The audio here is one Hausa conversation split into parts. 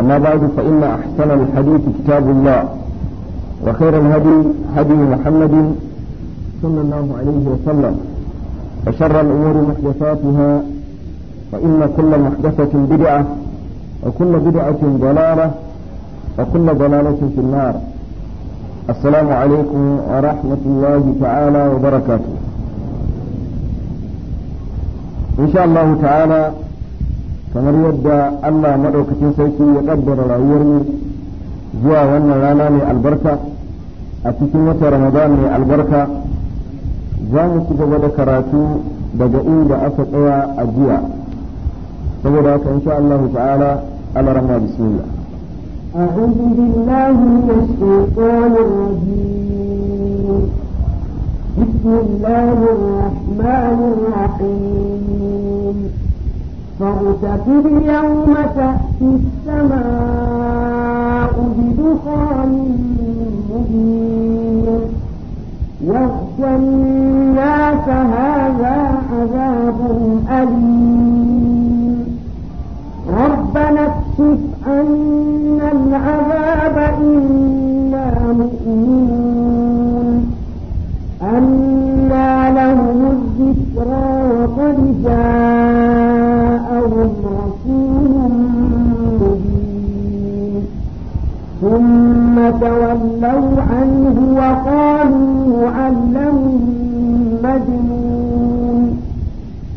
أما بعد فإن أحسن الحديث كتاب الله وخير الهدي هدي محمد صلى الله عليه وسلم وشر الأمور محدثاتها فإن كل محدثة بدعة وكل بدعة ضلالة وكل ضلالة في النار السلام عليكم ورحمة الله تعالى وبركاته إن شاء الله تعالى kamar yadda Allah maɗaukacin sarki ya ƙaddara rayuwarmu zuwa wannan rana mai albarka a cikin wata ramadan mai albarka za mu ci gaba da karatu daga inda aka tsaya a jiya saboda haka insha Allah ta'ala ala bismillah أعوذ بالله من الشيطان الرجيم بسم الله الرحمن الرحيم فارتقب يوم تأتي السماء بدخان مبين يغشى الناس هذا عذاب أليم ربنا اكشف عنا العذاب إنا مؤمنون أنا لهم الذكرى وقد جاءوا وتولوا عنه وقالوا معلم مجنون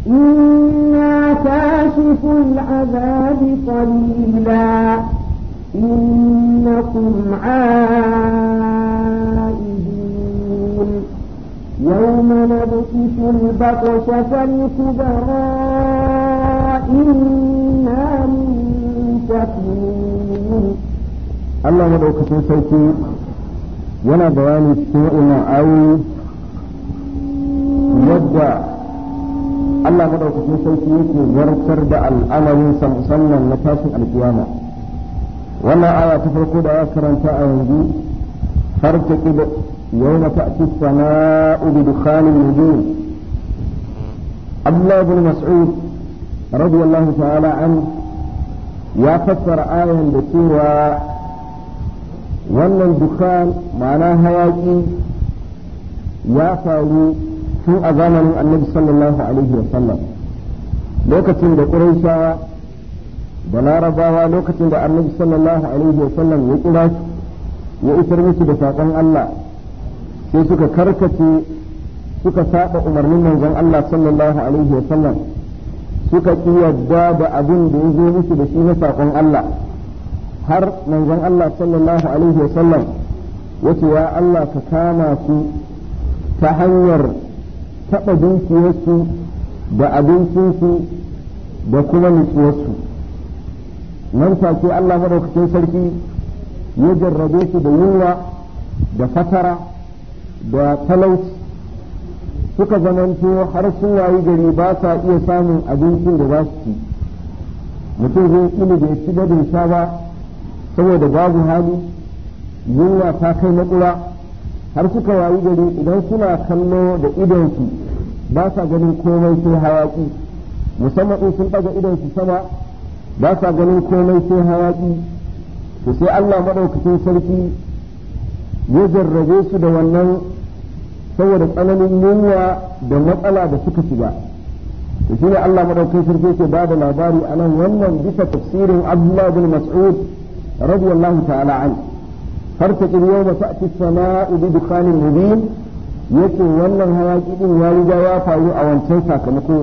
إنا كاشف العذاب قليلا إنكم عائدون يوم نبكس البطش فالكبرى إنا منتقون Allah madaukakin sarki yana bayani cikin waɗannan ayoyi yadda Allah madaukakin sarki yake warkar da al'amarin musamman na tashin alkiyama wannan aya ta farko da ya karanta a yanzu har ta kida yawma ta'ti as-sama'u bi dukhanin nujum Allah ibn Mas'ud radiyallahu ta'ala an ya fassara ayan da cewa wannan dukkan ma'ana hayaƙi ya faru tun a zamanin annabi sallallahu alaihi wa sallam lokacin da ƙurayshawa da larabawa lokacin da annabi sallallahu alaihi wa sallam ya kira ya isar musu da saƙon Allah sai suka karkace suka saba umarnin manzon Allah sallallahu alaihi wa sallam suka ƙi yadda da abin da ya zo musu da shi na saƙon Allah har manzon Allah sallallahu alaihi wasallam yace ya Allah ka kama su ta hanyar taɓa dukiyarsu da abincinsu da kuma nutsuwarsu nan take Allah madaukakin sarki ya jarrabe su da yunwa da fatara da talauci suka zamanto har sun wayi gari ba sa iya samun abincin da za su ci mutum zai ilu da ya ci gadin sa ba saboda babu hali yunwa ta kai makura har suka wayi gari idan suna kallo da idonsu ba sa ganin komai sai hayaƙi musamman in sun ɗaga idonsu sama ba sa ganin komai sai hayaki to sai Allah maɗaukacin sarki ya jarrabe su da wannan saboda tsananin yunwa da matsala da suka shiga to shine Allah madaukakin sarki ke bada labari anan wannan bisa tafsirin Abdullah bin Mas'ud رضي الله تعالى عنه ta يوم تأتي السماء بدخان مبين yake wannan hayaki ɗin ya riga ya faru a wancan sakamako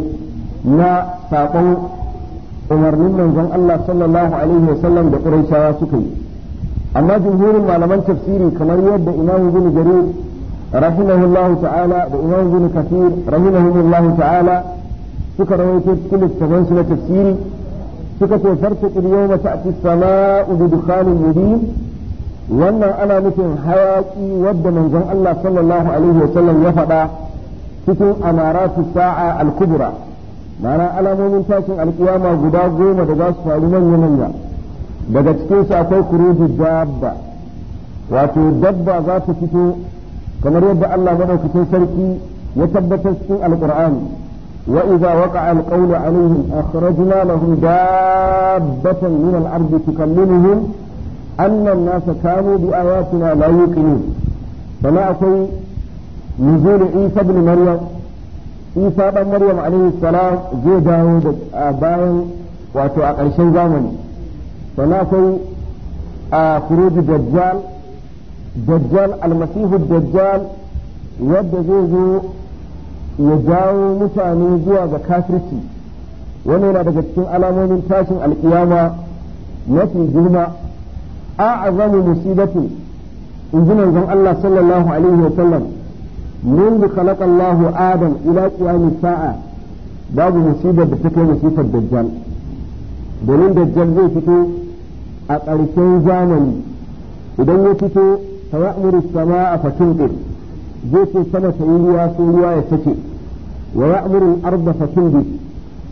na saƙon umarnin manzon Allah sallallahu alaihi wasallam da Qurayshawa suka yi amma jumhurin malaman tafsiri kamar yadda Imam Ibn Jarir rahimahullahu ta'ala da Imam Ibn Kathir rahimahullahu ta'ala suka rawaito cikin littafin su na tafsiri suka ce farko al-yawma ta'ti as-sama'u bi dukhanin wannan ana nufin hayaƙi wadda manzon Allah sallallahu alaihi wa sallam ya faɗa cikin su sa'a al-kubra ma'ana alamomin tashin alƙiyama guda goma da za su faru manya manya daga cikin su akwai kuruji dabba wato dabba za ta fito kamar yadda Allah madaukakin sarki ya tabbatar cikin al'kur'ani. وإذا وقع القول عليهم أخرجنا لهم دابة من الأرض تكلمهم أن الناس كانوا بآياتنا لا يوقنون فما أكوي نزول عيسى بن مريم عيسى بن مريم عليه السلام زي داود باين واتو أقرشين زامني فما أكوي خروج الدجال دجال المسيح الدجال يد زوزو ya jawo mutane zuwa ga kafirci wani yana daga cikin alamomin tashin alkiyama mafi girma a'azamu musibatu in ji manzon Allah sallallahu alaihi wa sallam منذ خلق الله adam إلى قيام sa'a babu musibar da take musibar dajjal domin dajjal zai fito a ƙarshen zamani idan ya fito fa ya'muru as-samaa'a fa zai ce sama ta yi ruwa sai ruwa ya tace wa ya'muru arba ardha fatunbi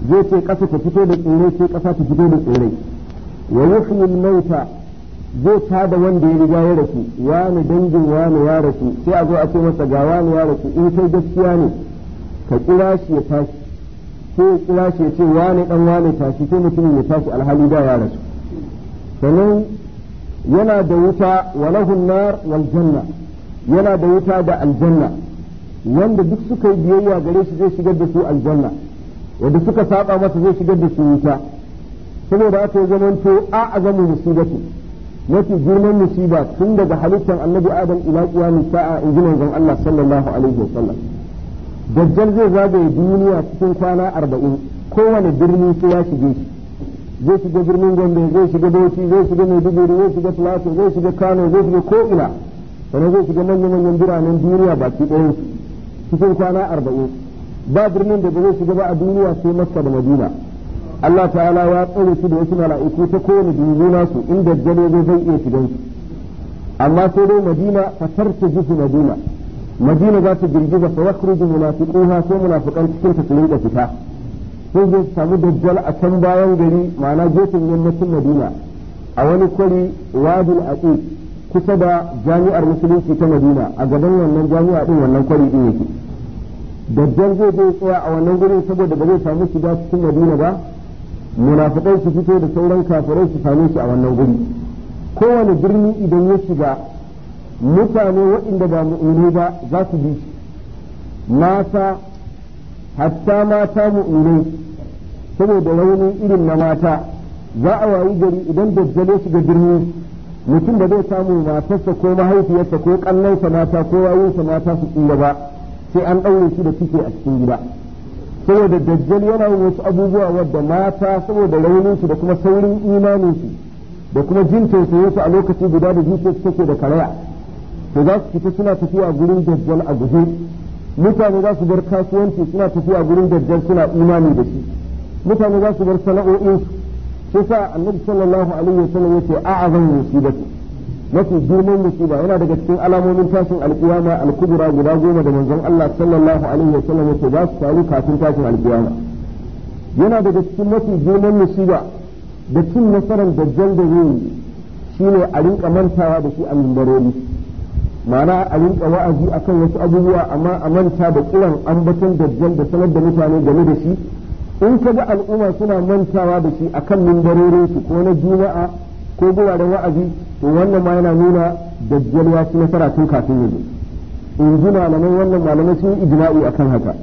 zai ce kasa ta fito da tsirrai sai kasa ta fito da tsirrai wa yuhyi al-mauta zai wanda ya riga ya rasu wani dangin wani ya rasu sai a zo a ce masa ga wani ya rasu in kai gaskiya ne ka kira shi ya tashi ko ya kira shi ya ce wani dan wani tashi sai mutumin ya tashi alhali da ya rasu sannan yana da wuta wa nar wal janna yana da wuta da aljanna wanda duk suka yi biyayya gare shi zai shigar da su aljanna wanda suka saba masa zai shigar da su wuta saboda haka ya zamanto a azamu musibatu mafi girman musiba tun daga halittar annabi adam ila qiyamis sa'a in ji manzon Allah sallallahu alaihi sallam dajjal zai zagaye duniya cikin kwana arba'in kowane birni sai ya shige shi zai shiga birnin gombe zai shiga bauchi zai shiga maiduguri zai shiga plateau zai shiga kano zai shiga ko'ina sannan zai shiga manyan manyan biranen duniya baki su cikin kwana arba'in ba birnin da zai shiga ba a duniya sai makka da madina Allah ta'ala ya tsare su da wasu mala'iku ta kowane dungu nasu in daddare zai zai iya shigan su amma sai dai madina ta ta jisu madina madina za ta girgiza fa yakhruju munafiquna sai munafiqan cikin ta su fita sai zai samu dajjal a can bayan gari ma'ana gefen yammacin madina a wani kwari a aqiq kusa da jami'ar musulunci ta madina a gaban wannan jami'a din wannan kwari din yake dajjal zai je tsaya a wannan gurin saboda ba zai samu shiga cikin madina ba munafikai su fito da sauran kafirai su same shi a wannan guri kowane birni idan ya shiga mutane waɗanda ba mu'mini ba za su bi shi mata hatta mata mu'minai saboda rauni irin na mata za a wayi gari idan dajjal ya shiga birni mutum da zai samu matarsa ko mahaifiyarsa ko kallonsa mata ko wayonsa mata su tsira ba sai an ɗaure shi da cike a cikin gida saboda dajjal yana yin wasu abubuwa wadda mata saboda rauninsu da kuma saurin imaninsu da kuma jin su a lokaci guda da zuciyarsu take da karaya to za su fita suna tafiya gurin dajjal a guje mutane za su bar kasuwanci suna tafiya gurin dajjal suna imani da shi mutane za su bar sana'o'insu shi sa annabi sallallahu alaihi wasallam yace a'azamu musibatu mafi girman musiba yana daga cikin alamomin tashin alkiyama alkubra guda goma da manzon Allah sallallahu alaihi wasallam yace ba su faru kafin tashin alkiyama yana daga cikin mafi girman musiba da cin nasarar dajjal da zai shine a rinka mantawa da shi a mimbarori ma'ana a rinka wa'azi akan wasu abubuwa amma a manta da kiran ambaton dajjal da sanar da mutane game da shi in ka ga al'umma suna mantawa da shi akan mindarorin su ko na juma'a ko gowa da wa'azi to wannan ma yana nuna dajjal ya ci nasara tun kafin yanzu in ji malamai wannan malamai sun yi ijma'i akan haka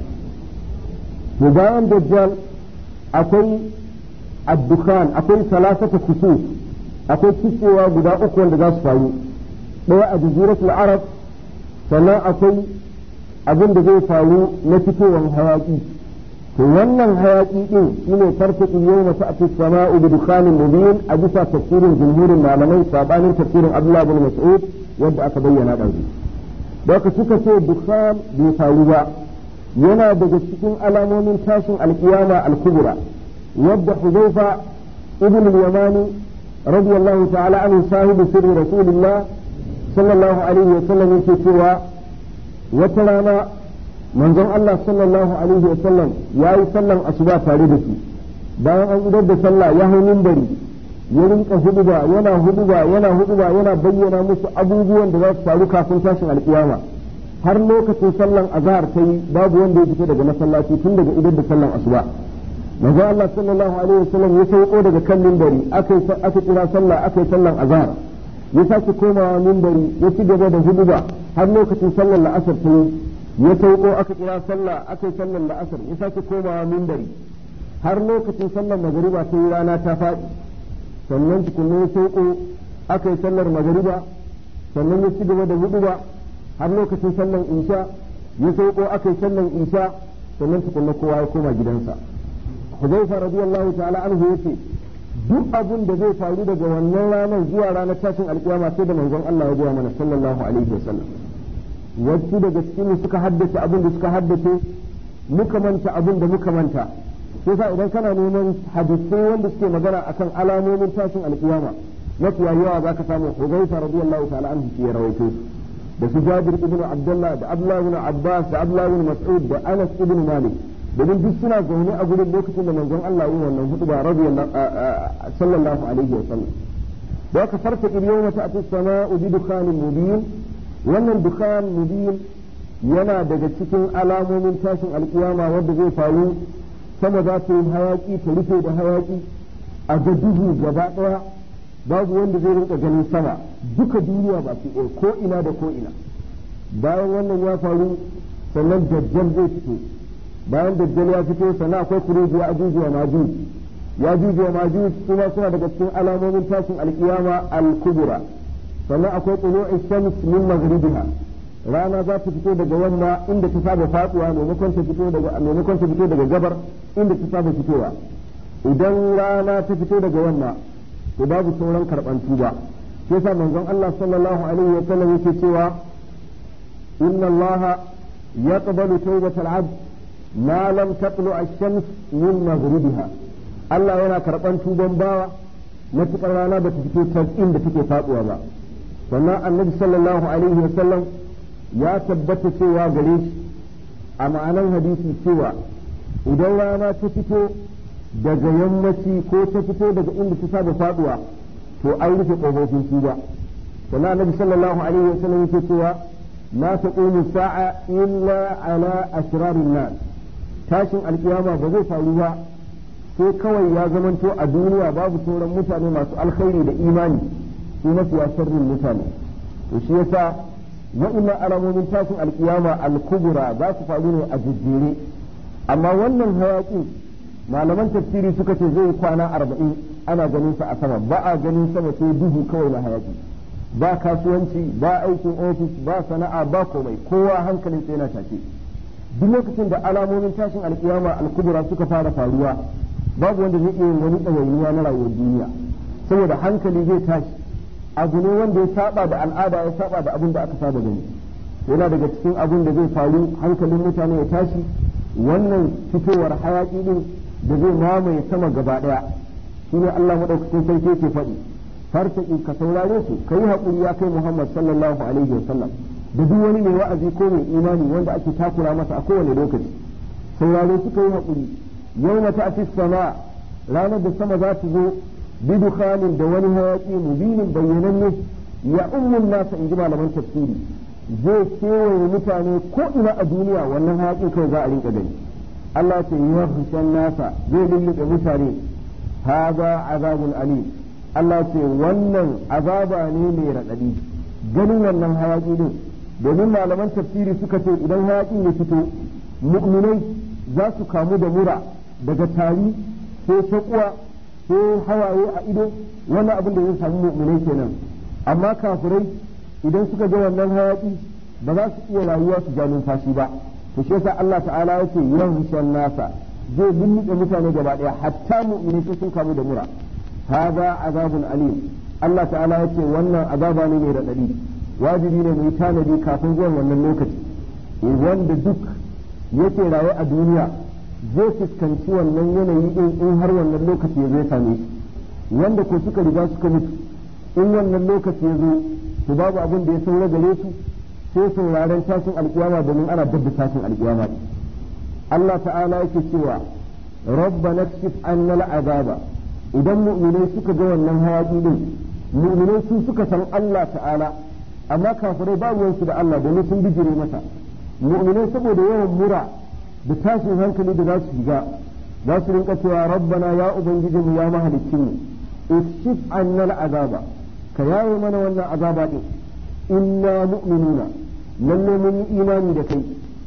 to bayan dajjal akwai addukhan akwai salasata kusu akwai kitsewa guda uku wanda za su faru ɗaya a jaziratul arab sannan akwai abin da zai faru na fitowar hayaƙi to wannan hayaki din shine tarfiqu yau ta'ti as-sama'u bi dukhanin mubin a bisa tafsirin jumhurin malamai sabanin tafsirin Abdullah bin Mas'ud wanda aka bayyana ɗazu daka suka ce dukhan bai faru ba yana daga cikin alamomin tashin alkiyama al-kubra wadda Hudayfa ibn al-Yamani radiyallahu ta'ala anhu sahibu sirri sallallahu alaihi wa sallam yake cewa wata rana manzon Allah sallallahu alaihi wa sallam ya yi sallan asuba tare da su bayan an idar da sallah ya hau bari ya rinka huduba yana huduba yana huduba yana bayyana musu abubuwan da za su faru kafin tashin alkiyama har lokacin sallan azhar ta yi babu wanda ya fita daga masallaci tun daga idar da sallan asuba manzon Allah sallallahu alaihi wa sallam ya sauko daga kan minbari akai aka kira sallah aka sallan azhar ya sake komawa minbari ya ci gaba da huduba har lokacin sallar la'asar ta yi ya tauko aka kira sallah aka yi sallar la'asar ya sake komawa mimbari har lokacin sallar magariba sai rana ta faɗi sannan tukunna ya tauko aka yi sallar magariba sannan ya ci gaba da huduba har lokacin sallar insha ya sauko aka yi sallar insha sannan tukunna kowa ya koma gidansa Huzaifa radiyallahu ta'ala anhu ce duk abin da zai faru daga wannan ranar zuwa ranar tashin alkiyama sai da manzon Allah ya gaya mana sallallahu alaihi sallam. wasu daga cikin suka haddace abin da suka haddace muka manta abin da muka manta sai sa idan kana neman hadisai wanda suke magana akan alamomin tashin alkiyama mafiya yawa za ka samu huzaifa radiyallahu ta'ala anhu shi ya rawaito da su jabir ibn abdullah da abdullah ibn abbas da abdullah ibn mas'ud da anas ibn malik domin duk suna zaune a gurin lokacin da manzon Allah yi wannan hudu ba radiyallahu sallallahu alaihi wa sallam da ka farta ibn yawma ta'ti samau bi dukhanin mubin wannan dukkan mubin yana daga cikin alamomin tashin alkiyama wanda zai faru sama za yin yi hayaki ta rufe da hayaki a ga duhu gaba daya babu wanda zai rinka ganin sama duka duniya ba su ɗaya ko ina da ko ina bayan wannan ya faru sannan dajjal zai fito bayan dajjal ya fito sana akwai kuruji ya ajujuwa maju ya ajujuwa majuj kuma suna daga cikin alamomin tashin alkiyama al sannan akwai tulu'i shams min maghribiha rana za ta fito daga wanda inda ta saba faduwa maimakon ta fito daga maimakon ta fito daga gabar inda ta saba fitowa idan rana ta fito daga wanda to babu sauran karban tuba sai sa manzon Allah sallallahu alaihi wa sallam yake cewa inna Allah yaqbalu tawbatal abd ma lam tatlu ash-shams min maghribiha Allah yana karban tuban bawa matukar rana ba ta fito ta inda take faduwa ba sannan annabi sallallahu alaihi wasallam ya tabbata cewa gare shi a ma'anar hadisi cewa idan rana ta fito daga yammaci ko ta fito daga inda ta saba faduwa to an rufe kofofin tuba sannan annabi sallallahu alaihi wasallam yake cewa la taqumu sa'a illa ala ashrarin nas tashin alkiyama ba zai faru ba sai kawai ya zamanto a duniya babu sauran mutane masu alkhairi da imani na siyasar sharrin mutane to shi yasa wa'annan alamomin tashin alkiyama alkubura za su faru ne a jejjere amma wannan hayaki malaman tafsiri suka ce zai kwana arba'in ana ganin sa a sama ba a ganin sama sai duhu kawai na hayaki ba kasuwanci ba aikin ofis ba sana'a ba komai kowa hankalin sai na tashi duk lokacin da alamomin tashin alkiyama alkubura suka fara faruwa babu wanda zai iya wani ɗawainiya na rayuwar duniya saboda hankali zai tashi abu ne wanda ya saba da al'ada ya saba da abin da aka saba gani yana daga cikin abin da zai faru hankalin mutane ya tashi wannan fitowar hayaki din da zai mamaye sama gaba daya ne Allah madaukakin sarki ke faɗi fartaki ka saurare su yi haƙuri ya kai Muhammad sallallahu alaihi sallam da duk wani mai wa'azi ko mai imani wanda ake takura masa a kowane lokaci saurare su yi haƙuri yau mata a sama ranar da sama za ta zo bidukhanin da wani hayaki mubinin bayyananne ya ummun nasa inji malaman tafsiri zai kewaye mutane ko ina a duniya wannan hayakin kai za a rinka gani Allah ce ya husan nasa zai lullube mutane haza azabun ali Allah ce wannan azaba ne mai raɗaɗi ganin wannan hayaki din domin malaman tafsiri suka ce idan hayakin ya fito mu'minai za su kamu da mura daga tari sai taƙuwa ko hawaye a ido wannan abin da ya samu mu'minai kenan amma kafirai idan suka ga wannan hayaki ba za su iya rayuwa su ja numfashi ba to shi yasa Allah ta'ala yake yanshan nasa zai lullube mutane gaba daya hatta mu'mini su sun kamu da mura hada azabun alim Allah ta'ala yake wannan azaba ne mai radadi wajibi ne mu tanadi kafin zuwan wannan lokaci eh, wanda duk yake rayuwa a duniya zai fuskanci wannan yanayi din in har wannan lokaci ya zai same shi wanda ko suka riga suka mutu in wannan lokaci ya zo su babu abin da ya saura gare su sai raren tashin alkiyama domin ana dabba tashin alkiyama Allah ta'ala yake cewa rabba nakshif anna al'azaba idan mu'minai suka ga wannan hayaki din mu'minai su suka san Allah ta'ala amma kafirai babu ruwansu da Allah domin sun bijire masa mu'minai saboda yawan mura da tashin hankali da za su shiga za su rinka cewa rabbana ya mu ya mahaliccinmu ikshif annal azaba ka yaye mana wannan azaba din inna mu'minuna lalle mun yi imani da kai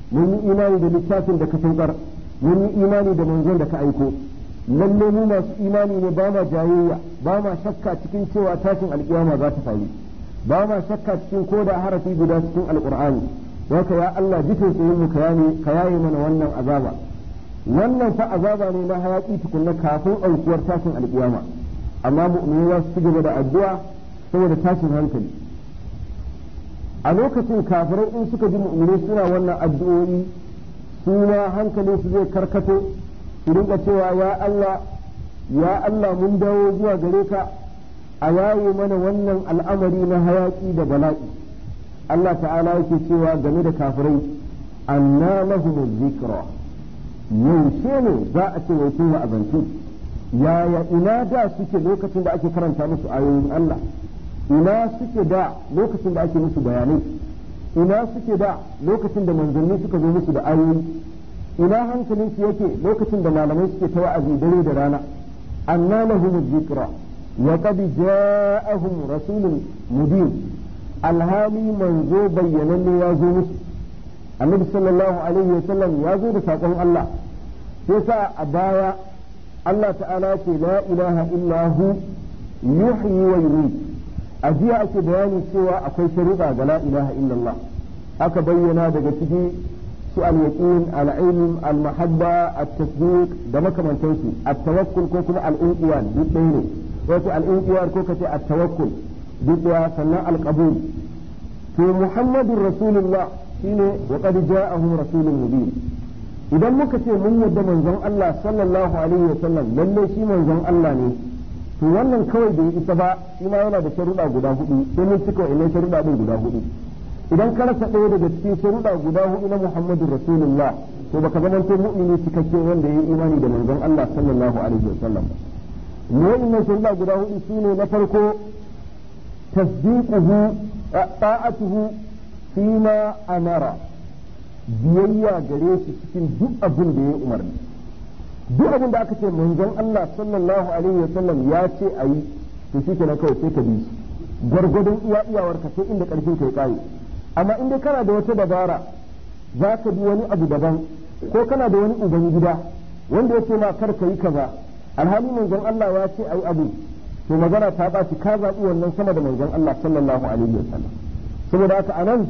mun yi imani da littafin da ka saukar mun yi imani da manzon da ka aiko lalle mu masu imani ne ba ma jayayya ba ma shakka cikin cewa tashin alƙiyama za ta faru ba ma shakka cikin ko da harafi guda cikin alƙur'ani haka ya Allah ji tausayin mu ka yaye mana wannan azaba wannan fa azaba ne na hayaki tukunna kafin aukuwar tashin alƙiyama amma mu'mini za su gaba da addu'a saboda tashin hankali a lokacin kafirai in suka ji mu'mini suna wannan addu'o'i su ma hankalin su zai karkato su rinka cewa ya Allah ya Allah mun dawo zuwa gare ka a yaye mana wannan al'amari na hayaki da bala'i Allah ta'ala yake cewa game da kafirai anna lahum dhikra yaushe ne za a ce wai sun wa'azantu yaya ina da suke lokacin da ake karanta musu ayoyin Allah ina suke da lokacin da ake musu bayanai ina suke da lokacin da manzanni suka zo musu da ayoyi ina hankalin su yake lokacin da malamai suke ta wa'azi dare da rana anna lahum dhikra wa qad ja'ahum rasulun mubin alhali manzo bayyananne ya zo musu annabi sallallahu alaihi wasallam ya zo da sakon Allah sai sa a baya Allah ta'ala ce la ilaha illa hu yuhyi wa yumiit a jiya ake bayani cewa akwai sharuɗa ga la ilaha illallah aka bayyana daga ciki su al-yaqin al-ilm al-mahabba at-tasdiq da makamantansu at-tawakkul ko kuma al-inqiyad duk ɗaya ne wato al-inqiyad ko kace at-tawakkul dukwa sannan alqabul to muhammadur rasulullah shine wa qad ja'ahu rasulun mubin idan muka ce mun yadda manzon Allah sallallahu alaihi wa sallam lalle shi manzon Allah ne to wannan kawai bai isa ba shi ma yana da sharuɗa guda hudu sai mun cika wannan sharuɗa din guda hudu idan ka rasa ɗaya daga cikin sharuɗa guda hudu na muhammadun Rasulullah to baka zamanto mu'mini cikakke wanda ya yi imani da manzon Allah sallallahu alaihi wa sallam mu'minin sharuɗa guda hudu ne na farko tasdiquhu ta'atuhu fima anara biyayya gare shi cikin duk abin da ya umarni duk abin da aka ce manzon Allah sallallahu alaihi wa sallam ya ce a yi to shi na kawai sai ka bi shi gwargwadon iya iyawar ka sai inda karfin ka ya kare amma in dai kana da wata dabara za ka bi wani abu daban ko kana da wani uban gida wanda ya ce ma kar ka yi kaza alhali manzon Allah ya ce a yi abu to magana ta ɓaci ka zaɓi wannan sama da manzon Allah sallallahu alaihi wasallam saboda haka anan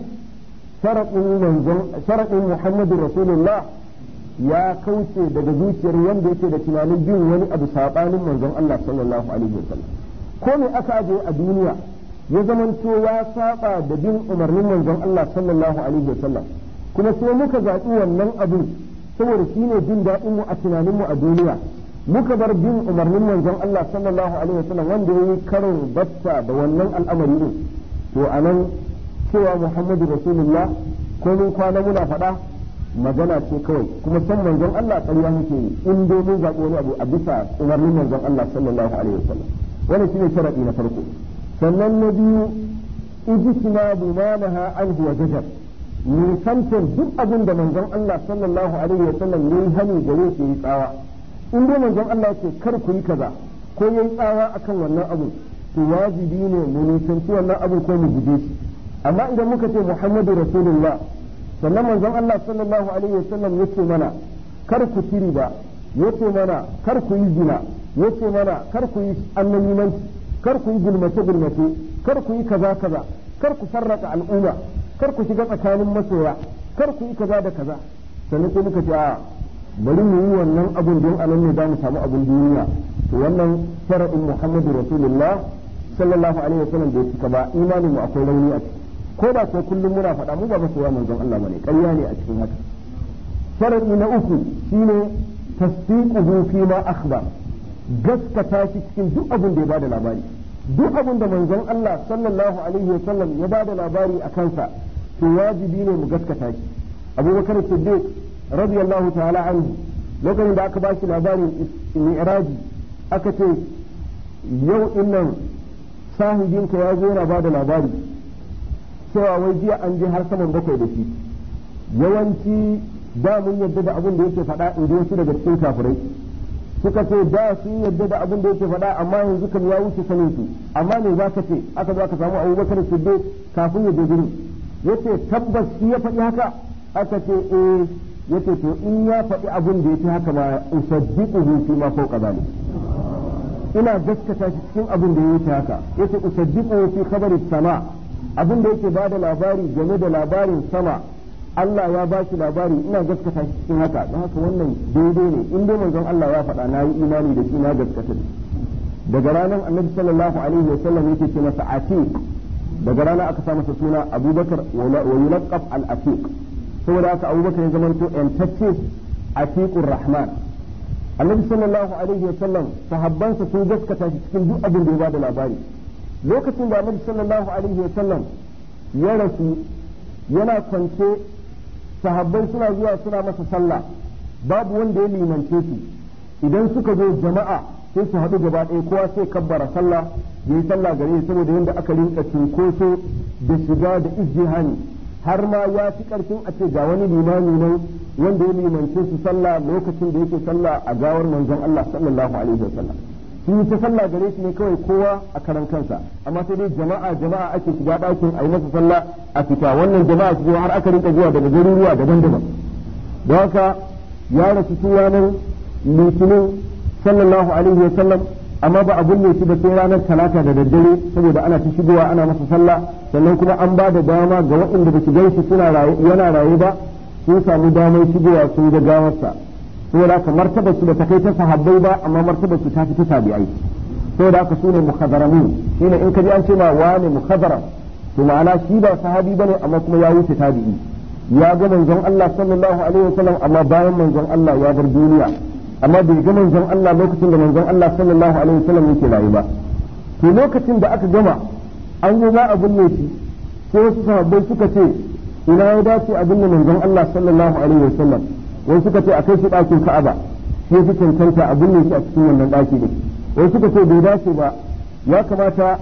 sharaɗin manzon sharaɗin Muhammadu Rasulullah ya kauce daga zuciyar wanda yake da tunanin bin wani abu saɓanin manzon Allah sallallahu alaihi wasallam ko me aka aje a duniya ya zamanto ya saba da bin umarnin manzon Allah sallallahu alaihi wasallam kuma sai muka zaɓi wannan abu saboda shine jin daɗin mu a tunanin mu a duniya muka bar bin umarnin manzon Allah sallallahu alaihi wasallam wanda yayi karin batta da wannan al'amari din to anan cewa Muhammadu Rasulullah ko mun kwana muna faɗa magana ce kawai kuma san manzon Allah ƙarya muke yi in dai mun wani abu a bisa umarnin manzon Allah sallallahu alaihi wasallam wannan shine sharadi na farko sannan na biyu ijtinabu ma naha anhu wa mun nisantar duk abin da manzon Allah sallallahu alaihi wasallam yayi hani gare yi tsawa in dai manzon Allah ya ce kar ku yi kaza ko yayi tsawa akan wannan abu to wajibi ne mu nisanci wannan abu ko mu guje shi amma idan muka ce Muhammadu Rasulullah sannan manzon Allah sallallahu alaihi wasallam yace mana kar ku ci riba yace mana kar ku yi zina yace mana kar ku yi annabimanci kar ku yi gulmace gulmace kar ku yi kaza kaza kar ku farraka al'umma kar ku shiga tsakanin masoya kar ku yi kaza da kaza sannan sai muka ce bari mu yi wannan abun don anan ne za mu samu abun duniya to wannan shar'in muhammadu rasulullah sallallahu alaihi wasallam bai cika ba imanin mu akwai rauni a ciki ko da ko kullum muna faɗa mu ba ba cewa manzon Allah bane ƙarya ne a cikin haka shar'i na uku shine tasdiquhu fi ma akhbar gaskata shi cikin duk abin da ya bada labari duk abin da manzon Allah sallallahu alaihi sallam ya bada labari a kansa to wajibi ne mu gaskata shi abubakar siddiq radiyallahu ta'ala anhu lokacin da aka ba shi labarin mi'raji aka ce yau din nan sahibinka ya zo yana ba da labari cewa wai jiya an je har saman bakwai da shi yawanci da mun yadda da abin da yake fada in daga cikin kafirai suka ce da sun yadda da abin da yake faɗa amma yanzu kan ya wuce sanin su amma me za ka ce aka za ka samu abubakar siddiq kafin ya je gurin yace tabbas shi ya faɗi haka aka ce eh yace to in ya faɗi abin da ya ce haka ma usaddiquhu fi ma fawqa zalik ina gaskata shi cikin abin da ya ce haka yace usaddiquhu fi khabari sama abin da yake bada labari game da labarin sama Allah ya ba shi labari ina gaskata shi cikin haka don haka wannan daidai ne in dai manzon Allah ya faɗa na yi imani da shi na gaskata daga ranar annabi sallallahu alaihi wa sallam yake ce masa atiq daga rana aka sa masa suna abubakar wa yulaqqab al-atiq saboda haka abubakar ya zamanto yantacce a tiƙun rahman annabi sallallahu alaihi wasallam sahabbansa sun gaskata shi cikin duk abin da ya bada labari lokacin da annabi sallallahu alaihi wasallam ya rasu yana kwance sahabbai suna zuwa suna masa sallah babu wanda ya limance su idan suka zo jama'a sai su haɗu gaba ɗaya kowa sai kabbara sallah ya yi sallah gare saboda yadda aka rinka cinkoso da shiga da ijtihani har ma ya fi ƙarfin a ce ga wani limami nan wanda ya limance su sallah lokacin da yake sallah a gawar manzon Allah sallallahu alaihi wasallam shi ta sallah gare shi ne kawai kowa a karan kansa amma sai dai jama'a jama'a ake shiga ɗakin a yi masa sallah a fita wannan jama'a su har aka rinka zuwa daga garuruwa daban-daban don haka ya rasu tun ranar litinin sallallahu alaihi wasallam amma ba a binne shi ba sai ranar talata da daddare saboda ana ta shigowa ana masa sallah sannan kuma an ba da dama ga waɗanda ba su gan shi suna yana raye ba sun samu damar shigowa sun ga gawarsa saboda haka martabar su ba ta kai ta sahabbai ba amma martabar su ta fi ta tabi'ai saboda haka su ne mukhazaramin shine in ka ji an ce ma ne mukhazara to ma'ana shi ba sahabi ne amma kuma ya wuce tabi'i ya ga manzon Allah sallallahu alaihi wasallam amma bayan manzon Allah ya bar duniya amma bai ga manzon Allah lokacin da manzon Allah sallallahu alaihi wasallam yake rayu ba to lokacin da aka gama an yi za a binne shi sai wasu sahabbai suka ce ina ya dace a binne manzon Allah sallallahu alaihi wasallam wai suka ce a kai shi ɗakin Ka'aba shi yafi cancanta a binne shi a cikin wannan ɗaki ne wai suka ce bai dace ba ya kamata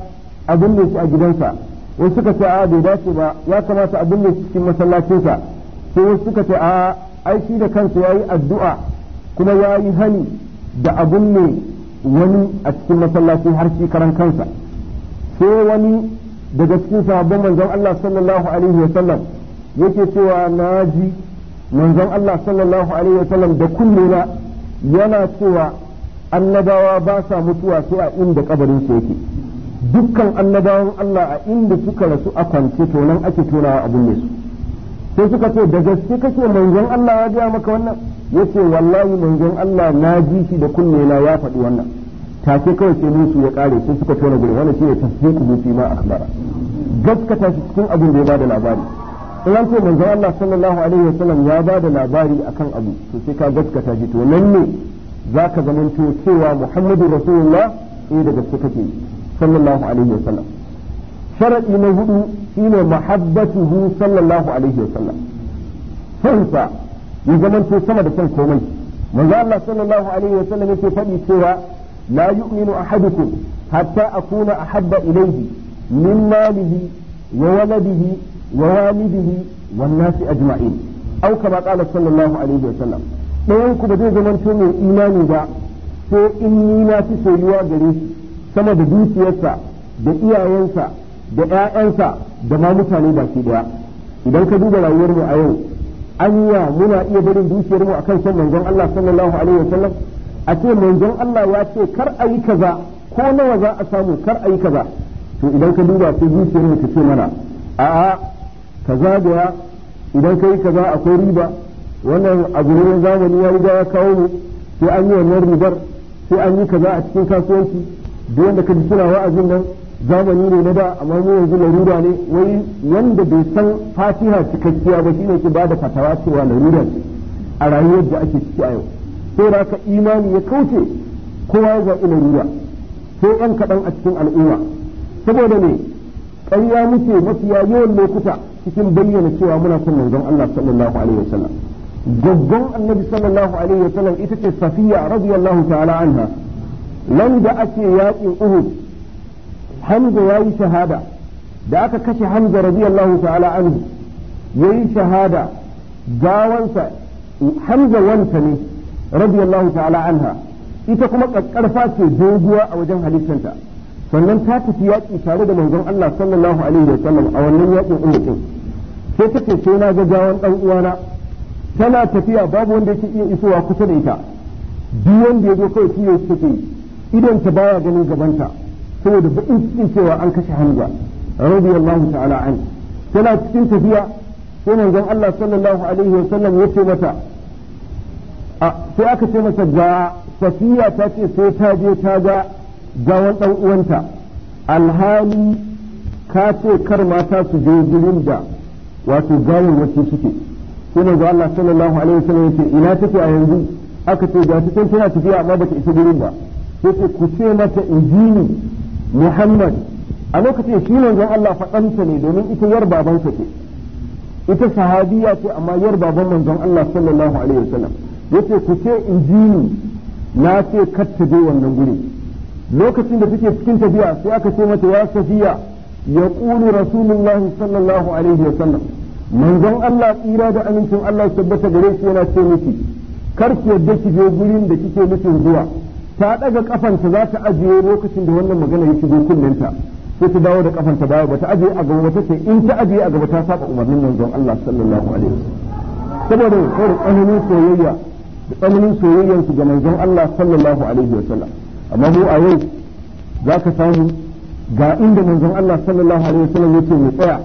a binne shi a gidansa wai suka ce a bai dace ba ya kamata a binne shi cikin masallacinsa sai wasu suka ce a ai shi da kansa yayi addu'a kuma ya yi hani da abun ne wani a cikin masallaci har shi karan kansa sai wani daga cikin sahabban manzon Allah sallallahu alaihi wa sallam yake cewa naji ji manzon Allah sallallahu alaihi wa sallam da kullena yana cewa annabawa ba sa mutuwa sai a inda kabarin su yake dukkan annabawan Allah a inda suka rasu a kwance to nan ake tonawa abun ne su sai suka ce da gaske kake manzon Allah ya gaya maka wannan yace wallahi manzon Allah na ji shi da kunne na ya faɗi wannan take kawai sai musu ya kare sai suka tona gure wannan shine tasdiqu bi ma akhbara gaskata shi cikin abin da ya bada labari in an ce manzon Allah sallallahu alaihi wasallam ya bada labari akan abu to sai ka gaskata shi to nan ne zaka zamanto cewa Muhammadu Rasulullah eh da gaske kake sallallahu alaihi wasallam sharadi na hudu shine mahabbatuhu sallallahu alaihi wasallam sansa yi zamanto sama da kan komai manzo Allah sallallahu alaihi wa sallam yake faɗi cewa la yu'minu ahadukum hatta akuna ahabba ilayhi min malihi wa waladihi wa walidihi wan nasi ajma'in aw kama qala sallallahu alaihi wa sallam ɗayan ku ba zai zamanto mai imani ba sai in ni na fi soyuwa gare shi sama da dukiyarsa da iyayensa da ‘ya'yansa da ma mutane baki daya idan ka duba rayuwar mu a yau anya muna iya barin dukiyar mu akan son manzon Allah sallallahu alaihi a ce manzon Allah ya ce kar a yi kaza ko nawa za a samu kar a yi kaza to idan ka duba sai zuciyar mu ta ce mana a'a ka zagaya idan ka yi kaza akwai riba wannan abu ne zamani ya riga ya kawo mu sai an yi wannan ribar sai an yi kaza a cikin kasuwanci duk wanda ka ji suna wa'azin nan zamani ne na da amma mu yanzu larura ne wai wanda bai san fatiha cikakkiya ba shine ba bada fatawa cewa larura ce a rayuwar da ake ciki a yau sai da ka imani ya kauce kowa ya zaɓi larura sai yan kaɗan a cikin al'umma saboda ne ƙarya muke mafiya yawan lokuta cikin bayyana cewa muna son manzon Allah sallallahu alaihi wasallam gaggon annabi sallallahu alaihi wasallam ita ce safiya radiyallahu ta'ala anha nan da ake yaƙin uhud hamza ya yi shahada da aka kashe hamza radiyallahu ta'ala anhu ya yi shahada gawansa hamza wanta ne radiyallahu ta'ala anha ita kuma ƙaƙƙarfa ce doguwa a wajen halittanta sannan ta tafi yaƙi tare da manzon Allah sallallahu alaihi wa sallam a wannan yaƙin umukin sai ta ce sai na ga gawan ɗan uwana tana tafiya babu wanda yake iya isowa kusa da ita duk wanda ya zo kai shi ya idan ta baya ganin gabanta saboda bakin cikin cewa an kashe hamza radiyallahu ta'ala an tana cikin tafiya sai manzon Allah sallallahu alaihi wa sallam ya ce mata sai aka ce mata ga safiya ta ce sai ta je ta ga gawan dan uwanta alhali ka ce kar mata su je gurin da wato gawar wacce suke sai manzon Allah sallallahu alaihi wa sallam ya ce ina take a yanzu aka ce ga ta tana tafiya amma bata isa gurin ba sai ku ce mata injini Muhammad a lokacin shi manzon Allah faɗanta ne domin ita yar babansa ce ita sahabiya ce amma yar baban manzon Allah sallallahu alaihi wasallam yace ku ce injini na ce katta je wannan guri lokacin da take cikin tafiya sai aka ce mata ya safiya ya qulu rasulullahi sallallahu alaihi wasallam manzon Allah tsira da amincin Allah tabbata gare shi yana ce miki kar ki yadda ki je gurin da kike nufin zuwa ta daga kafanta za ta ajiye lokacin da wannan magana ya zo kullunta sai ta dawo da kafanta baya ba ta ajiye a gaba ta ce in ta ajiye a gaba ta saba umarnin manzon Allah sallallahu alaihi wasallam saboda kawai tsananin soyayya da tsananin soyayyar su ga manzon Allah sallallahu alaihi wasallam amma mu a yau za ka samu ga inda manzon Allah sallallahu alaihi wasallam yake mu tsaya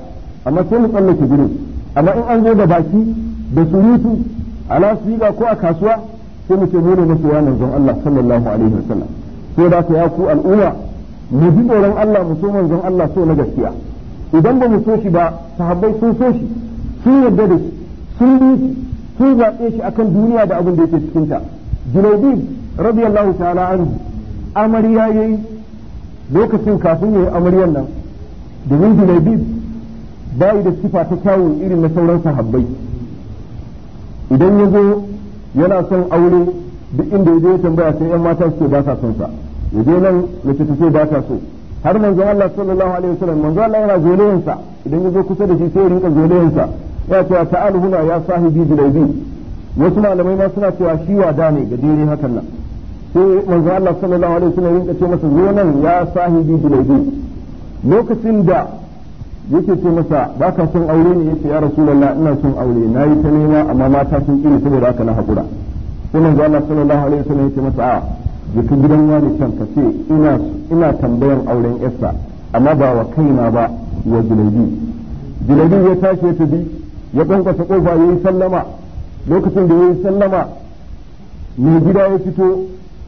amma sai mu tsallake gurin amma in an zo da baki da surutu ala su ko a kasuwa sai mu ce mu ne masoya manzon Allah sallallahu alaihi wasallam sai da ya ku al'umma mu ji tsoron Allah mu so manzon Allah so na gaskiya idan ba mu so shi ba sahabbai sun so shi sun yarda da shi sun bi shi sun zaɓe shi akan duniya da abin da yake cikin ta Junaidi radiyallahu ta'ala anhu amarya yayi lokacin kafin yayi amaryan nan domin Junaidi bai da sifa ta kyawun irin na sauran sahabbai idan ya zo yana son aure duk inda ya je ya tambaya sai yan matan su ke ba sa son sa ya je nan mace ce ce ba ta so har manzo Allah sallallahu alaihi wasallam manzo Allah yana zolayen sa idan ya zo kusa da shi sai ya rinka zolayen sa ya ce ta'al huna ya sahibi jilaibi wasu malamai ma suna cewa shi wada ne ga dare hakan nan sai manzo Allah sallallahu alaihi wasallam rinka ce masa zo nan ya sahibi jilaibi lokacin da yake ce masa ba ka son aure ne yace ya rasulullah ina son aure na yi ta nema amma mata sun ƙi saboda haka na haƙura sai manzo Allah sallallahu alaihi wasallam yace masa a jiki gidan wani can ka ce ina ina tambayan auren yarsa amma ba wa kai na ba wa jilabi jilabi ya tashi ya tabi ya kwankwasa kofa ya yi sallama lokacin da ya yi sallama mai gida ya fito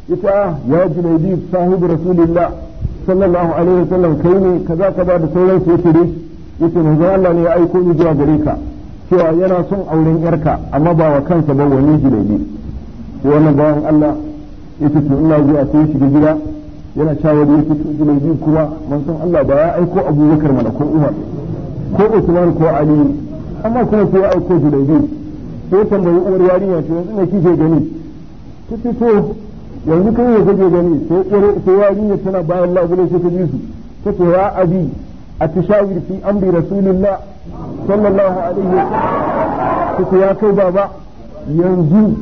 ita ya ah, jilabi sahibu rasulillah sallallahu alaihi wasallam kai ne kaza kaza da su ya tare shi yace manzo Allah ne ya aiko ni zuwa gare ka cewa yana son auren yarka amma ba wa kansa ba wani jirage sai wannan bayan Allah yace to ina zuwa sai shiga gida yana shawari yake to jirage kuma manzon Allah ba ya aiko Abubakar mana ko Umar ko Usman ko Ali amma kuma sai ya aiko jirage sai tambayi uwar yarinya to yanzu me kike gani kace to yanzu kai ne kake gani sai uwar sai yarinya tana bayan Allah gure sai ta ji su ta ya abi التشاور في أمر رسول الله صلى الله عليه وسلم يا كي بابا ينزل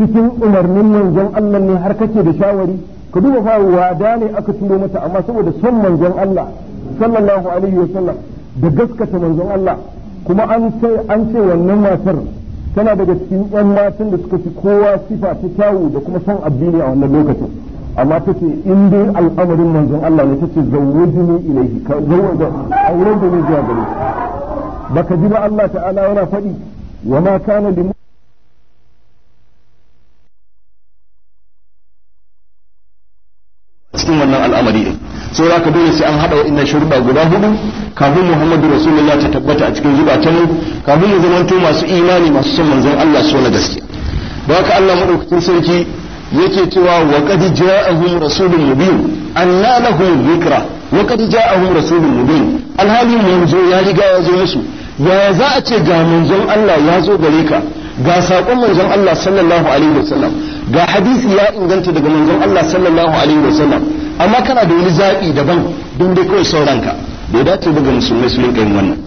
cikin umarnin manzon Allah ne har kake da shawari ka duba fa wada ne aka turo mata amma saboda son manzon Allah sallallahu alaihi wa sallam da gaskata manzon Allah kuma an ce wannan matar tana daga cikin yan matan da suka fi kowa sifa ta da kuma son addini a wannan lokacin amma take in dai al'amarin manzon Allah ne ta ce zawwajini ilaihi ka zawwaja auren da ni zuwa gare baka ji ba Allah ta'ala yana faɗi wa ma kana li cikin wannan al'amari din so za ka dole sai an haɗa wa'annan sharuɗa guda hudu kafin muhammadu rasulullah ta tabbata a cikin zukatanmu kafin ya zama to masu imani masu son manzon Allah so na gaske don haka Allah madaukakin sarki yake cewa wa qad ja'ahum rasulun mubin anna lahum dhikra wa qad ja'ahum rasulun mubin alhali manzo ya riga ya zo musu ya za a ce ga manzon Allah ya zo gare ka ga sakon manzon Allah sallallahu alaihi wasallam ga hadisi ya inganta daga manzon Allah sallallahu alaihi wasallam amma kana da wani zaɓi daban don dai kawai sauranka bai dace ba ga musulmai su rinka yin wannan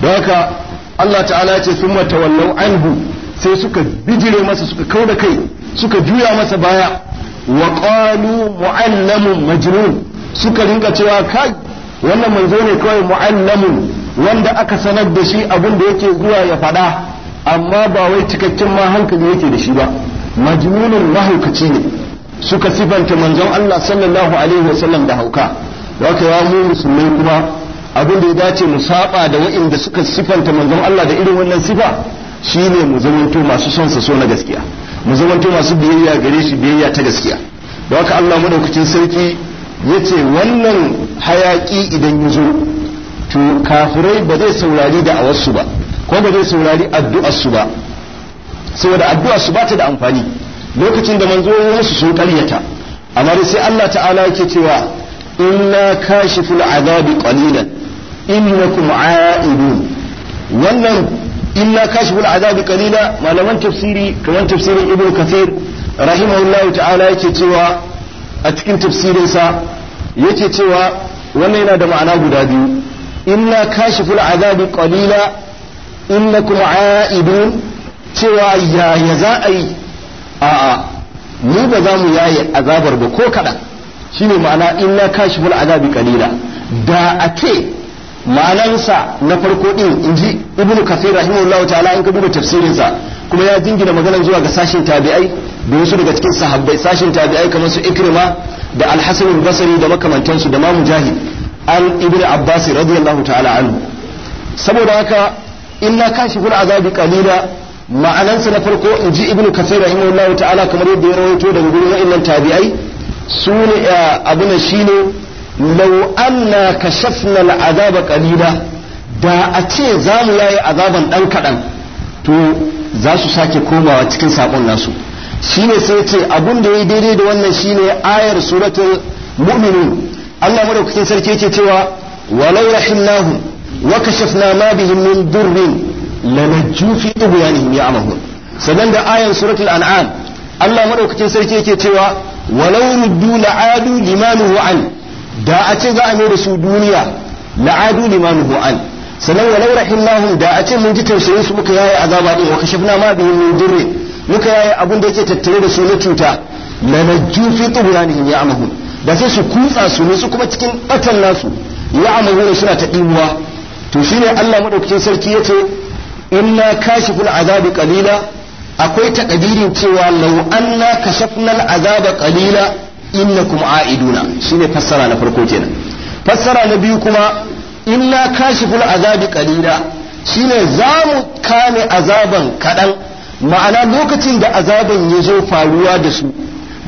don haka Allah ta'ala ya ce summa tawallau anhu sai suka bijire masa suka kauda kai suka juya masa baya wa qalu mu'allamun majnun suka rinka cewa kai wannan manzo ne kawai mu'allamun wanda aka sanar da shi abin da yake zuwa ya faɗa amma ba wai cikakken ma hankali yake da shi ba majnunun mahaukaci ne suka sifanta manzon Allah sallallahu alaihi wasallam da hauka waka ya mu musulmai kuma abin da ya dace mu saba da wa'inda suka sifanta manzon Allah da irin wannan sifa Shi ne mu zamanto masu son sa so na gaskiya mu zamanto masu biyayya gare shi biyayya ta gaskiya da haka Allah madaukakin sarki ce wannan hayaki idan ya zo to kafirai ba zai saurari da awarsu ba ko ba zai saurari addu'ar su ba saboda addu'a su ba ta da amfani lokacin da manzo ya musu sun karyata amma sai Allah ta'ala yake cewa inna kashiful azabi qalilan innakum a'idun wannan illa kashful azabi qalila malaman tafsiri kamar tafsirin ibnu kathir rahimahullahu ta'ala yake cewa a cikin tafsirin sa yake cewa wannan yana da ma'ana guda biyu illa kashful azabi qalila innakum aidun cewa ya ya za a yi a'a mu ba za mu yaye azabar ba ko kaɗan shine ma'ana illa kashiful azabi kalila da a malansa na farko din inji ji ibnu kafir rahimahullahu ta'ala in ka duba tafsirinsa kuma ya jingina maganar zuwa ga sashin tabi'ai da wasu daga cikin sahabbai sashin tabi'ai kamar su ikrima da alhassan basari da makamantansu da ma mujahid al ibnu abbas radiyallahu ta'ala anhu saboda haka illa gura azabi qalila ma'anansa na farko in ji ibnu kafir rahimahullahu ta'ala kamar yadda ya rawaito daga gurin wa'annan tabi'ai su ne eh, abin shine lau anna kashafna al'azaba qalila da a ce za mu yayi azaban ɗan kaɗan. to za su sake komawa cikin saƙon nasu shine sai ce abun da yayi daidai da wannan shine ayar suratul mu'minun Allah madaukakin sarki yake cewa walau rahimnahum wa kashafna ma bihim min durrin lanajju fi tugyanihim ya'mahun sannan da ayar suratul an'am Allah madaukakin sarki yake cewa walau ruddu la'adu limanuhu an da a ce za a mai da su duniya la'adu limanuhu an sannan wa law rahimnahum da a ce mun ji tausayin su muka yaye azaba din wa kashafna ma bihim min durri muka yaye abin da yake tattare da su na cuta najju fi tubyanihim ya'mahun da sai su kutsa su ne su kuma cikin batan nasu ya'mahun suna ta dimuwa to shine Allah madaukakin sarki yace inna kashiful azabi qalila akwai takadirin cewa law anna kashafna al azaba qalila innakum aiduna shine fassara na farko kenan fassara na biyu kuma inna kashiful azabi qalila shine za mu kame azaban kadan ma'ana lokacin da azaban ya zo faruwa da su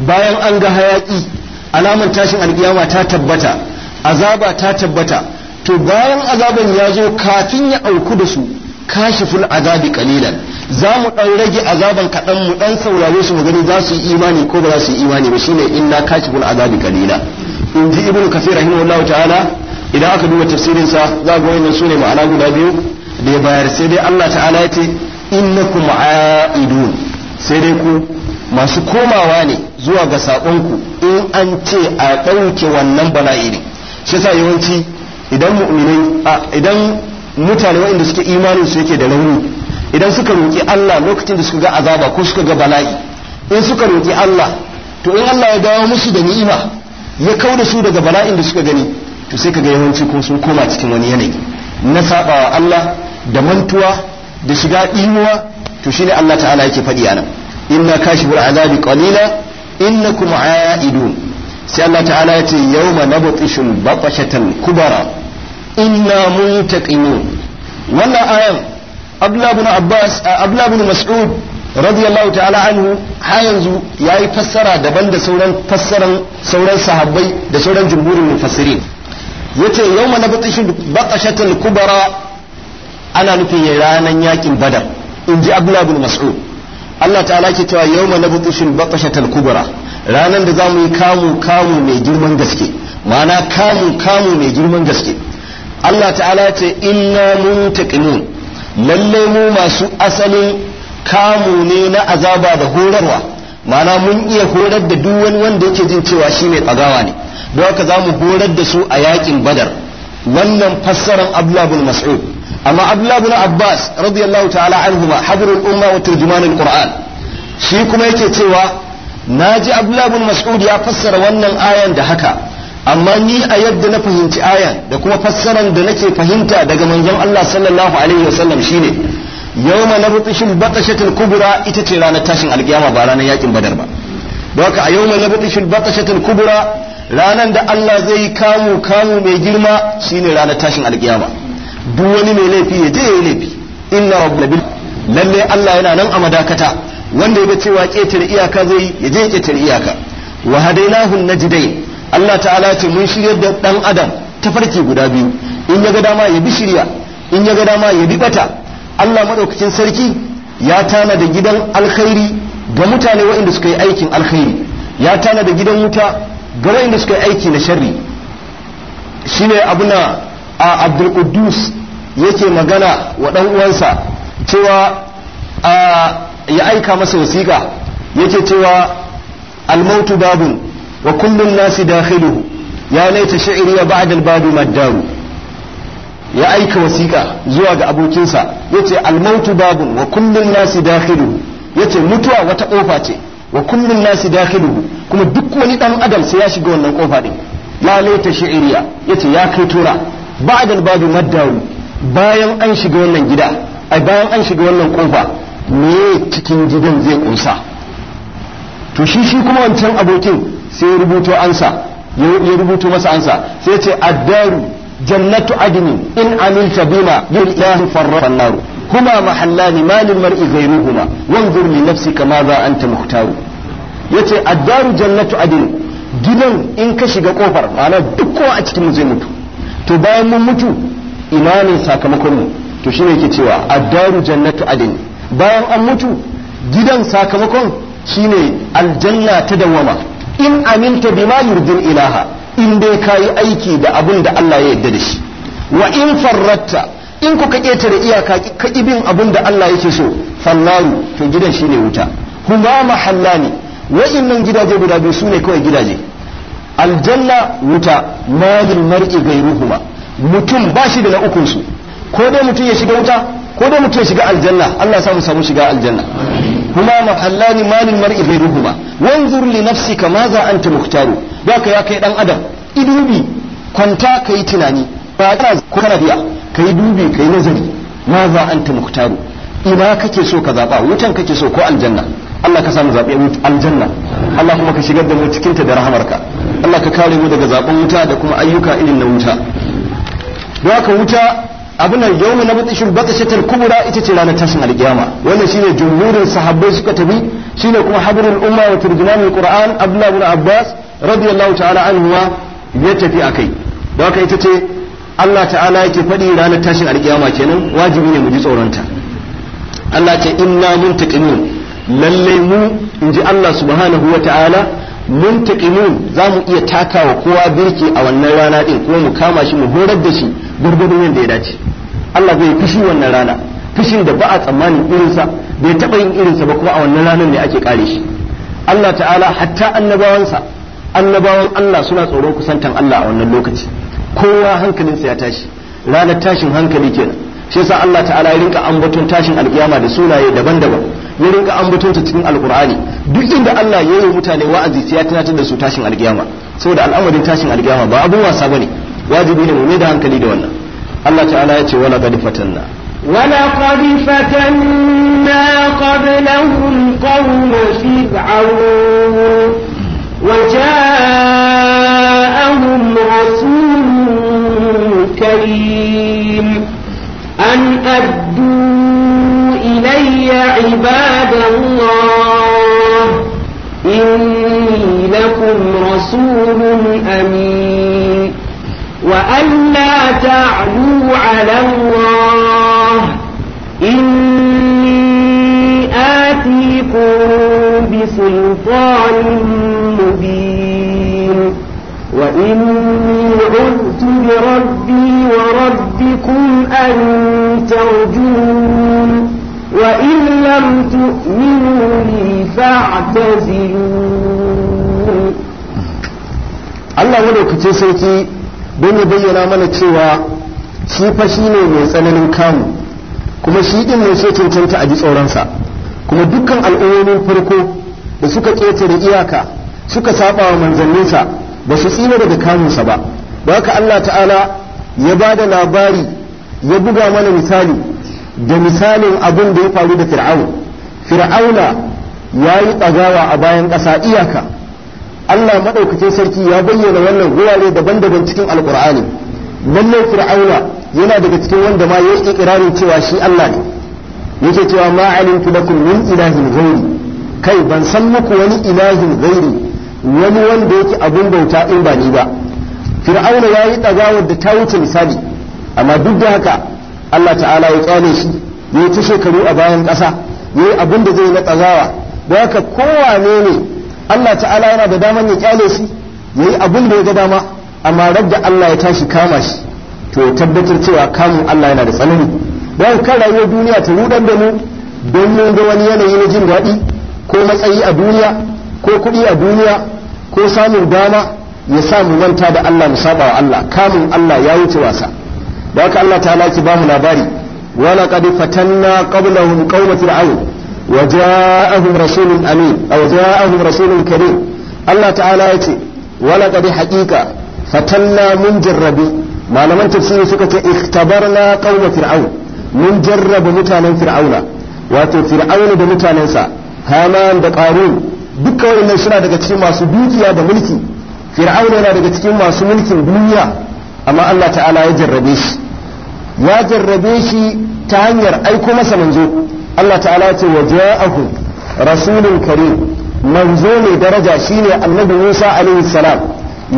bayan an ga hayaki alaman tashin alkiyama ta tabbata azaba ta tabbata to bayan azaban ya zo kafin ya auku da su kashiful azabi qalilan za mu ɗan rage azaban kaɗan mu ɗan saurare su mu gani za su yi imani ko ba za su yi imani ba shine inna kashiful azabi kalila in ji ibnu kasir rahimahullahu ta'ala idan aka duba tafsirin sa za ga wannan ne ma'ana guda biyu da ya bayar sai dai Allah ta'ala ya ce innakum aidun sai dai ku masu komawa ne zuwa ga saƙonku in an ce a ɗauke wannan bala'i ne shi yasa yawanci idan mu'minai idan mutane waɗanda suke imanin su yake da rauni idan suka roƙi Allah lokacin da suka ga azaba ko suka ga bala'i in suka roƙi Allah to in Allah ya dawo musu da ni'ima ya kau da su daga bala'in da suka gani to sai kaga yawanci ko sun koma cikin wani yanayi na sabawa Allah da mantuwa da shiga ɗimuwa to shine Allah ta'ala yake faɗi anan inna kashibul azabi qalila innakum aidun sai Allah ta'ala ya ce yawma nabtishul batashatan kubara inna muntaqimun wannan ayan abdullah bin abbas abdullah bin mas'ud radiyallahu ta'ala anhu ha yanzu yayi fassara daban da sauran fassaran sauran sahabbai da sauran jumhurin mufassirin yace yawma nabtishu baqashatul kubara ana nufin ranan yakin badar inji abdullah bin mas'ud Allah ta'ala ke cewa yawma nabtishu baqashatul kubara ranan da zamu yi kamu kamu mai girman gaske ma'ana kamu kamu mai girman gaske Allah ta'ala ce inna muntaqimun lalle mu masu asalin kamu ne na azaba da horarwa mana mun iya horar da duk wani wanda yake jin cewa shi mai tsagawa ne don haka za mu horar da su a yakin badar wannan fassarar abdullabul mas'ud amma abdullabul abbas radiyallahu ta'ala ma hadrul umma wa turjumanul qur'an shi kuma yake cewa naji abdullabul mas'ud ya fassara wannan ayan da haka amma ni a yadda na fahimci ayan da kuma fassaran da nake fahimta daga manzon Allah sallallahu alaihi wasallam shine yawma nabtishul batashatul kubra ita ce ranar tashin alkiyama ba ranar yakin badar ba don haka a yawma nabtishul batashatul kubra ranar da Allah zai kamu kamu mai girma shine ranar tashin alkiyama duk wani mai laifi ya je ya laifi inna rabbul bil lalle Allah yana nan a madakata wanda ya ga cewa ketare iyaka zai ya je ketare iyaka wa hadainahu najdain Allah ta'ala ce mun shiryar da dan adam ta farke guda biyu in ya ga dama ya bi shirya in ya ga dama ya bi bata Allah madaukakin sarki ya tana da gidan alkhairi ga mutane waɗanda suka yi aikin alkhairi ya tana da gidan wuta ga waɗanda suka yi aiki na sharri shine abuna a Abdul Quddus yake magana wa dan uwansa cewa ya aika masa wasiƙa yake cewa almautu babun wa الناس داخله يا ya laita sha'iri الباب ما الدار يا ايك ya aika wasiƙa zuwa ga abokinsa yace al maut bab wa kullun nas dakhiluhu yace mutuwa wata kofa ce wa kullun nas dakhiluhu kuma duk wani dan adam sai ya shiga wannan kofa din ya laita sha'iriya yace ya kai tura ba'd al-badu maddaru bayan an shiga wannan gida ai bayan an shiga wannan kofa me cikin gidan zai kunsa to shi shi kuma wancan abokin sai ya rubuto ansa ya rubuto masa ansa sai ce addaru jannatu adnin in amilta bima billahi farra naru kuma mahallani malin mar'i ghayruhuma wanzur li nafsika za anta muhtaru yace addaru jannatu adnin gidan in ka shiga kofar ma'ana duk kowa a cikin mu zai mutu to bayan mun mutu imanin sakamakon mu to shine yake cewa addaru jannatu adnin bayan an mutu gidan sakamakon shine aljanna ta dawama. in aminta bima yurdin ilaha in dai kayi aiki da abun da Allah ya yarda da shi wa in farratta in kuka ƙetare iyaka ka bin abun da Allah yake so fannaru to gidan shine wuta huma mahallani wa'innan gidaje guda biyu sune kawai gidaje aljanna wuta malil mar'i gairuhuma mutum ba shi da na ukun su ko dai mutum ya shiga wuta ko dai mutum ya shiga aljanna Allah ya samu samu shiga aljanna kuma mahallani malin mar'i ghayruhuma wanzur li nafsika maza anta muhtaru baka ya kai dan adam idubi kwanta kayi tunani ba ka kana biya kai dubi kayi nazari maza anta muhtaru ina kake so ka zaba wutan kake so ko aljanna Allah ka samu zaɓe aljanna Allah kuma ka shigar da mu cikin ta da rahamarka Allah ka kare mu daga zaɓen wuta da kuma ayyuka irin na wuta don wuta abin nan yau na batsishul batsishatul kubura ita ce ranar tashin alkiyama wannan shine jumhurin sahabbai suka tafi shine kuma habrul umma wa turjumanul qur'an abdullah ibn abbas radiyallahu ta'ala anhu ya tafi akai don haka ita ce Allah ta'ala yake faɗi ranar tashin alkiyama kenan wajibi ne mu ji tsoronta Allah ce inna muntaqimun lalle mu inji Allah subhanahu wa ta'ala Mun muntaqimun za mu iya takawa kowa birki a wannan rana ɗin ko mu kama shi mu horar da shi gurgurdun yadda ya dace Allah zai fushi wannan rana fushin da ba a tsammanin irinsa bai taɓa yin irinsa ba kuma a wannan ranar ne ake kare shi Allah ta'ala hatta annabawansa annabawan Allah suna tsoron kusantan Allah a wannan lokaci kowa hankalinsa ya tashi ranar tashin hankali kenan shi yasa Allah ta'ala ya rinka ambaton tashin alkiyama da sunaye daban-daban ya rinka ambaton cikin alkur'ani duk inda Allah ya yi mutane wa'azi sai ya tunatar da su tashin alkiyama saboda al'amarin tashin alkiyama ba abun wasa bane wajibi ne mu mai da hankali da wannan Allah ta'ala ya ce wala qad fatanna ولقد فتنا قبلهم قوم فرعون وجاءهم رسول كريم أن أدوا إلي عباد الله إني لكم رسول أمين وأن لا تعلوا على الله إني آتيكم بسلطان مبين وإني عذت بربي وربكم أن ترجون allah فاعتزلون الله ولو كتير don ya bayyana mana cewa shi fa shi ne mai tsananin kamu kuma shi din ne sai cancanta a ji tsoronsa kuma dukkan al'ummomin farko da suka ƙetare iyaka suka saba wa manzanninsa ba su tsira daga kamunsa ba da haka Allah ta'ala ya ba da labari ya buga mana misali da misalin abin da ya faru da fir'aun fir'auna ya yi ɗagawa a bayan ƙasa iyaka Allah maɗaukacin sarki ya bayyana wannan wurare daban-daban cikin alƙur'ani lalle fir'auna yana daga cikin wanda ma ya yi ikirarin cewa shi Allah ne yake cewa ma alimtu lakum min ilahin ghairi kai ban san muku wani ilahin ghairi wani wanda yake abun bauta in ba ni ba fir'auna ya yi ɗagawar da ta wuce misali amma duk da haka Allah ta'ala ya kyale shi ya ci shekaru a bayan ƙasa ya yi abin da zai na tsagawa da haka kowane ne Allah ta'ala yana da daman ya kyale shi ya yi abin da ya ga dama amma da Allah ya tashi kama shi to tabbatar cewa kamun Allah yana da tsanani don kan rayuwar duniya ta rudan da mu don mun ga wani yanayi na jin daɗi ko matsayi a duniya ko kuɗi a duniya ko samun dama ya sa mu manta da Allah mu saba wa Allah kamun Allah ya wuce wasa da haka Allah ta ki ba mu labari ولقد فتنا قبلهم قوم فرعون وجاءهم رسول أمين أو جاءهم رسول كريم الله تعالى يتي ولقد حقيقة فتنا من جربي ما لم تفسير سكة اختبرنا قوم فرعون من جرب متانا فرعون wato fir'aunu da mutanensa haman da qarun duka wannan suna daga cikin masu dukiya da mulki fir'aunu yana daga cikin masu mulkin duniya amma Allah ta'ala ya jarrabe shi ya jarrabe shi ta hanyar aiko masa manzo Allah ta'ala ce wa ja'ahu rasulun karim manzo ne daraja shine annabi Musa alaihi salam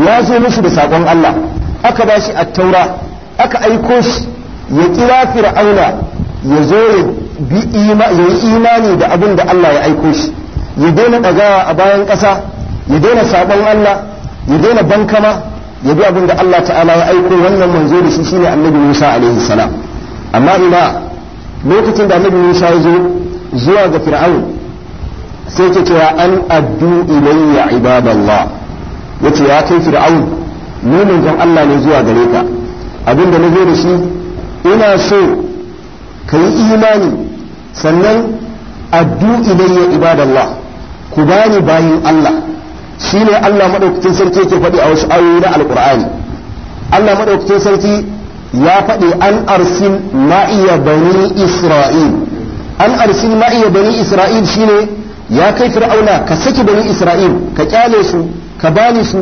ya zo musu da sakon Allah aka bashi at-taura aka aiko shi ya kira fir'auna ya zo ya yi imani da abin da Allah ya aiko shi ya daina ɗagawa a bayan ƙasa ya daina sabon Allah ya daina bankama ya bi abin da Allah ta'ala ya aiko wannan manzo da shi shine annabi Musa alaihi salam amma ina lokacin da annabi Musa ya zo zuwa ga fir'aun sai ke cewa an addu ilayya ibadallah yace ya kai fir'aun ni manzon Allah ne zuwa gare ka abin da nazo da shi ina so ka yi imani sannan addu ilayya ibadallah ku bani bayin Allah Shi ne Allah maɗaukacin sarki yake faɗi a wasu ayoyi na Alƙur'ani. Allah maɗaukacin sarki ya faɗi an arsil ma'iya bani isra'il an arsil ma'iya bani isra'il ne ya kai fir'auna ka saki bani isra'il ka kyale su ka bani su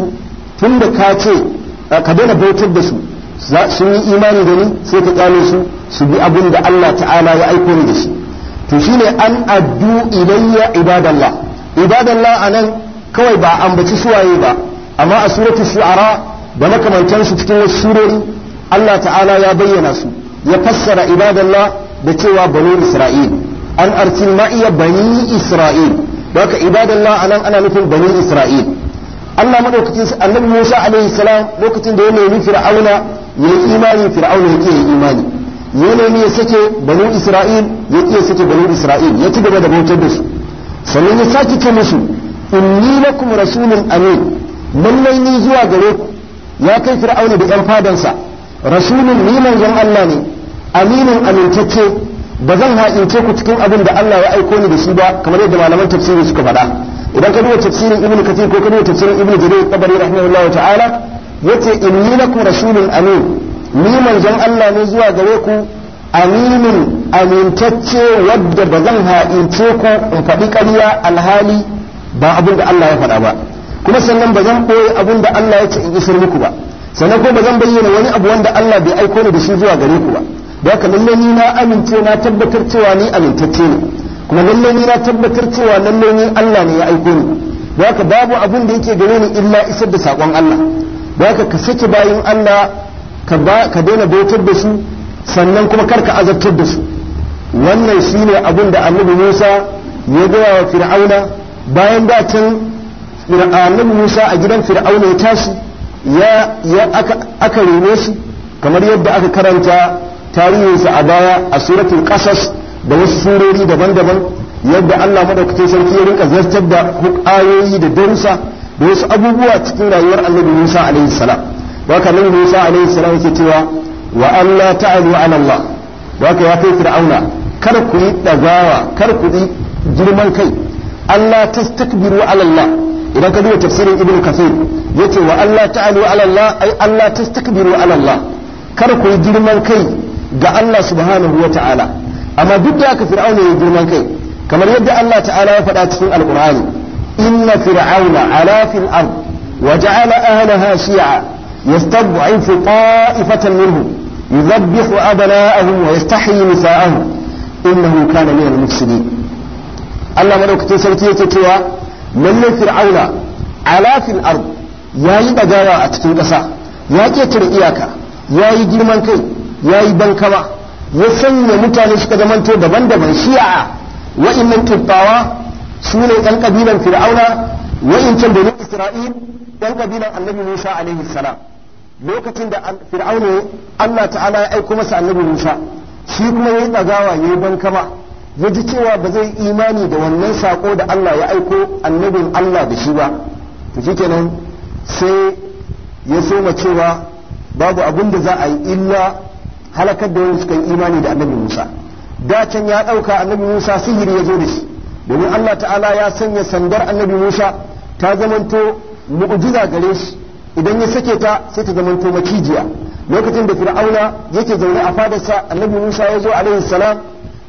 tun da ka ce ka daina bautar da su sun yi imani da ni sai ka kyale su su bi abin da Allah ta'ala ya aiko ni da shi to shine an addu ilayya ibadallah ibadallah anan kawai ba ambaci suwaye ba amma a suratul shu'ara da makamantansu cikin wasu surori Allah ta'ala ya bayyana su ya fassara ibadallah da cewa banu isra'il an arsil ma'iya bani isra'il haka ibadallah anan ana nufin bani isra'il Allah madaukakin annabi Musa alaihi salam lokacin da ya nemi fir'auna ya yi imani fir'auna yake yi imani ya nemi ya sake banu isra'il ya iya sake banu isra'il ya ci gaba da bautar da su sannan ya sake ce musu inni lakum rasulun amin lallai ni zuwa gare ku ya kai fir'auna da yan fadansa rasulun ni manzon Allah ne aminin amintacce ba zan ha'ince ku cikin abin da Allah ya aiko ni da shi ba kamar yadda malaman tafsiri suka faɗa idan ka duba tafsirin ibn kathir ko ka duba tafsirin ibn jarir tabari rahimahullahu ta'ala yace inni lakum rasulun amin ni manzon Allah ne zuwa gare ku aminin amintacce wadda ba zan ha'ince ku in faɗi ƙarya alhali ba abin da Allah ya faɗa ba kuma sannan ba zan koyi abin da Allah ya ce in isar muku ba sannan ko ba zan bayyana wani abu wanda Allah bai aiko ni da shi zuwa gare ku ba da haka lalle ni na amince na tabbatar cewa ni amintacce ne kuma lalle ni na tabbatar cewa lalle ni Allah ne ya aiko ni da haka babu abin da yake gare ni illa isar da sakon Allah da haka ka saki bayin Allah ka ba ka daina bautar da su sannan kuma kar ka azabtar da su wannan shine abin da Annabi Musa ya gaya wa Fir'auna bayan da can fir'aunin musa a gidan fir'auna ya tashi ya aka rene shi kamar yadda aka karanta tarihinsa a baya a suratul qasas da wasu surori daban-daban yadda Allah madaukakin sarki ya rinka zartar da ayoyi da darusa da wasu abubuwa cikin rayuwar annabi Musa alaihi salam haka nan Musa alaihi salam yake cewa wa Allah ta'alu ala Allah haka ya kai fir'auna kar ku yi dagawa kar ku yi girman kai Allah tastakbiru ala Allah idan ka duba tafsirin Ibn Kathir yace wa Allah ta'alu ala Allah ai Allah tastakbiru ala Allah kar ku yi girman kai ga Allah subhanahu wa ta'ala amma duk da haka fir'auna ya girman kai kamar yadda Allah ta'ala ya faɗa cikin alqur'ani inna fir'auna ala fil ard wa ja'ala ahlaha shi'a yastad'ifu ta'ifatan minhum yudhabbihu abna'ahum wa yastahyi nisa'ahum innahu kana min al-mufsidin Allah madaukakin sarki yake cewa lalle fir'auna ala fil ard yayi dagawa a cikin ƙasa ya ketare iyaka yayi girman kai yayi bankama ya sanya mutane suka zamanto daban-daban shi'a wa'annan tubbawa su ne ɗan ƙabilan fir'auna wa'incan domin isra'il ɗan ƙabilan annabi musa alaihi salam lokacin da fir'auna Allah ta'ala ya aiko masa annabi musa shi kuma ya yi ɗagawa ya yi bankama ya ji cewa ba zai imani da wannan sako da Allah ya aiko annabin Allah da shi ba to shikenan sai ya soma cewa babu abin da za a yi illa halakar da wani suka yi imani da annabin Musa da can ya ɗauka annabin Musa sihiri ya zo da shi domin Allah ta'ala ya sanya sandar annabin Musa ta zamanto mu'jiza gare shi idan ya sake ta sai ta zamanto macijiya lokacin da fir'auna yake zaune a fadarsa annabi Musa ya zo alaihi salam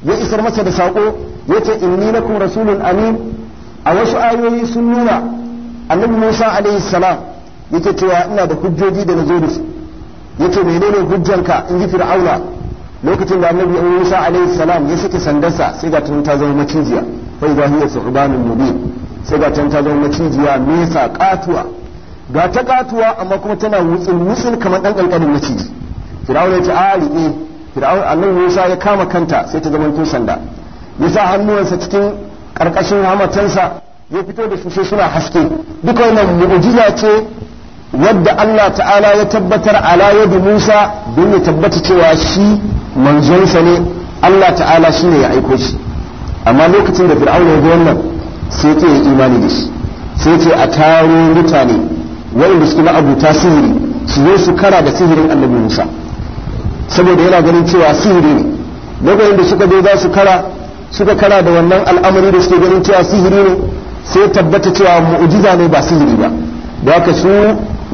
ya isar masa da saƙo ya ce inni kuma rasulun amin a wasu ayoyi sun nuna annabi musa alaihi salam ce cewa ina da hujjoji da na zo da su yace menene hujjanka in ji fir'auna lokacin da annabi musa alaihi salam ya saki sandarsa sai ga tun ta zama macijiya fa idza hiyar suhbanun mubin sai ga tun ta zama macijiya nesa katuwa ga ta katuwa amma kuma tana wutsin wutsin kamar dan kankanin maciji fir'auna ya ce a fir'aun annabi Musa ya kama kanta sai ta zama sanda ya sa hannuwansa cikin karkashin hamatansa ya fito da shushe suna haske duk wannan mu'jiza ce wadda Allah ta'ala ya tabbatar ala Musa don ya tabbata cewa shi manzonsa ne Allah ta'ala shi ne ya aiko shi amma lokacin da fir'aun ya ga wannan sai ya imani da shi sai ce a taro mutane wani suke ma'abuta sihiri su zo su kara da sihirin annabi Musa saboda yana ganin cewa sihiri ne lokacin da suka zo za su kara suka kara da wannan al'amari da suke ganin cewa sihiri ne sai tabbata cewa mu'ujiza ne ba sihiri ba da haka su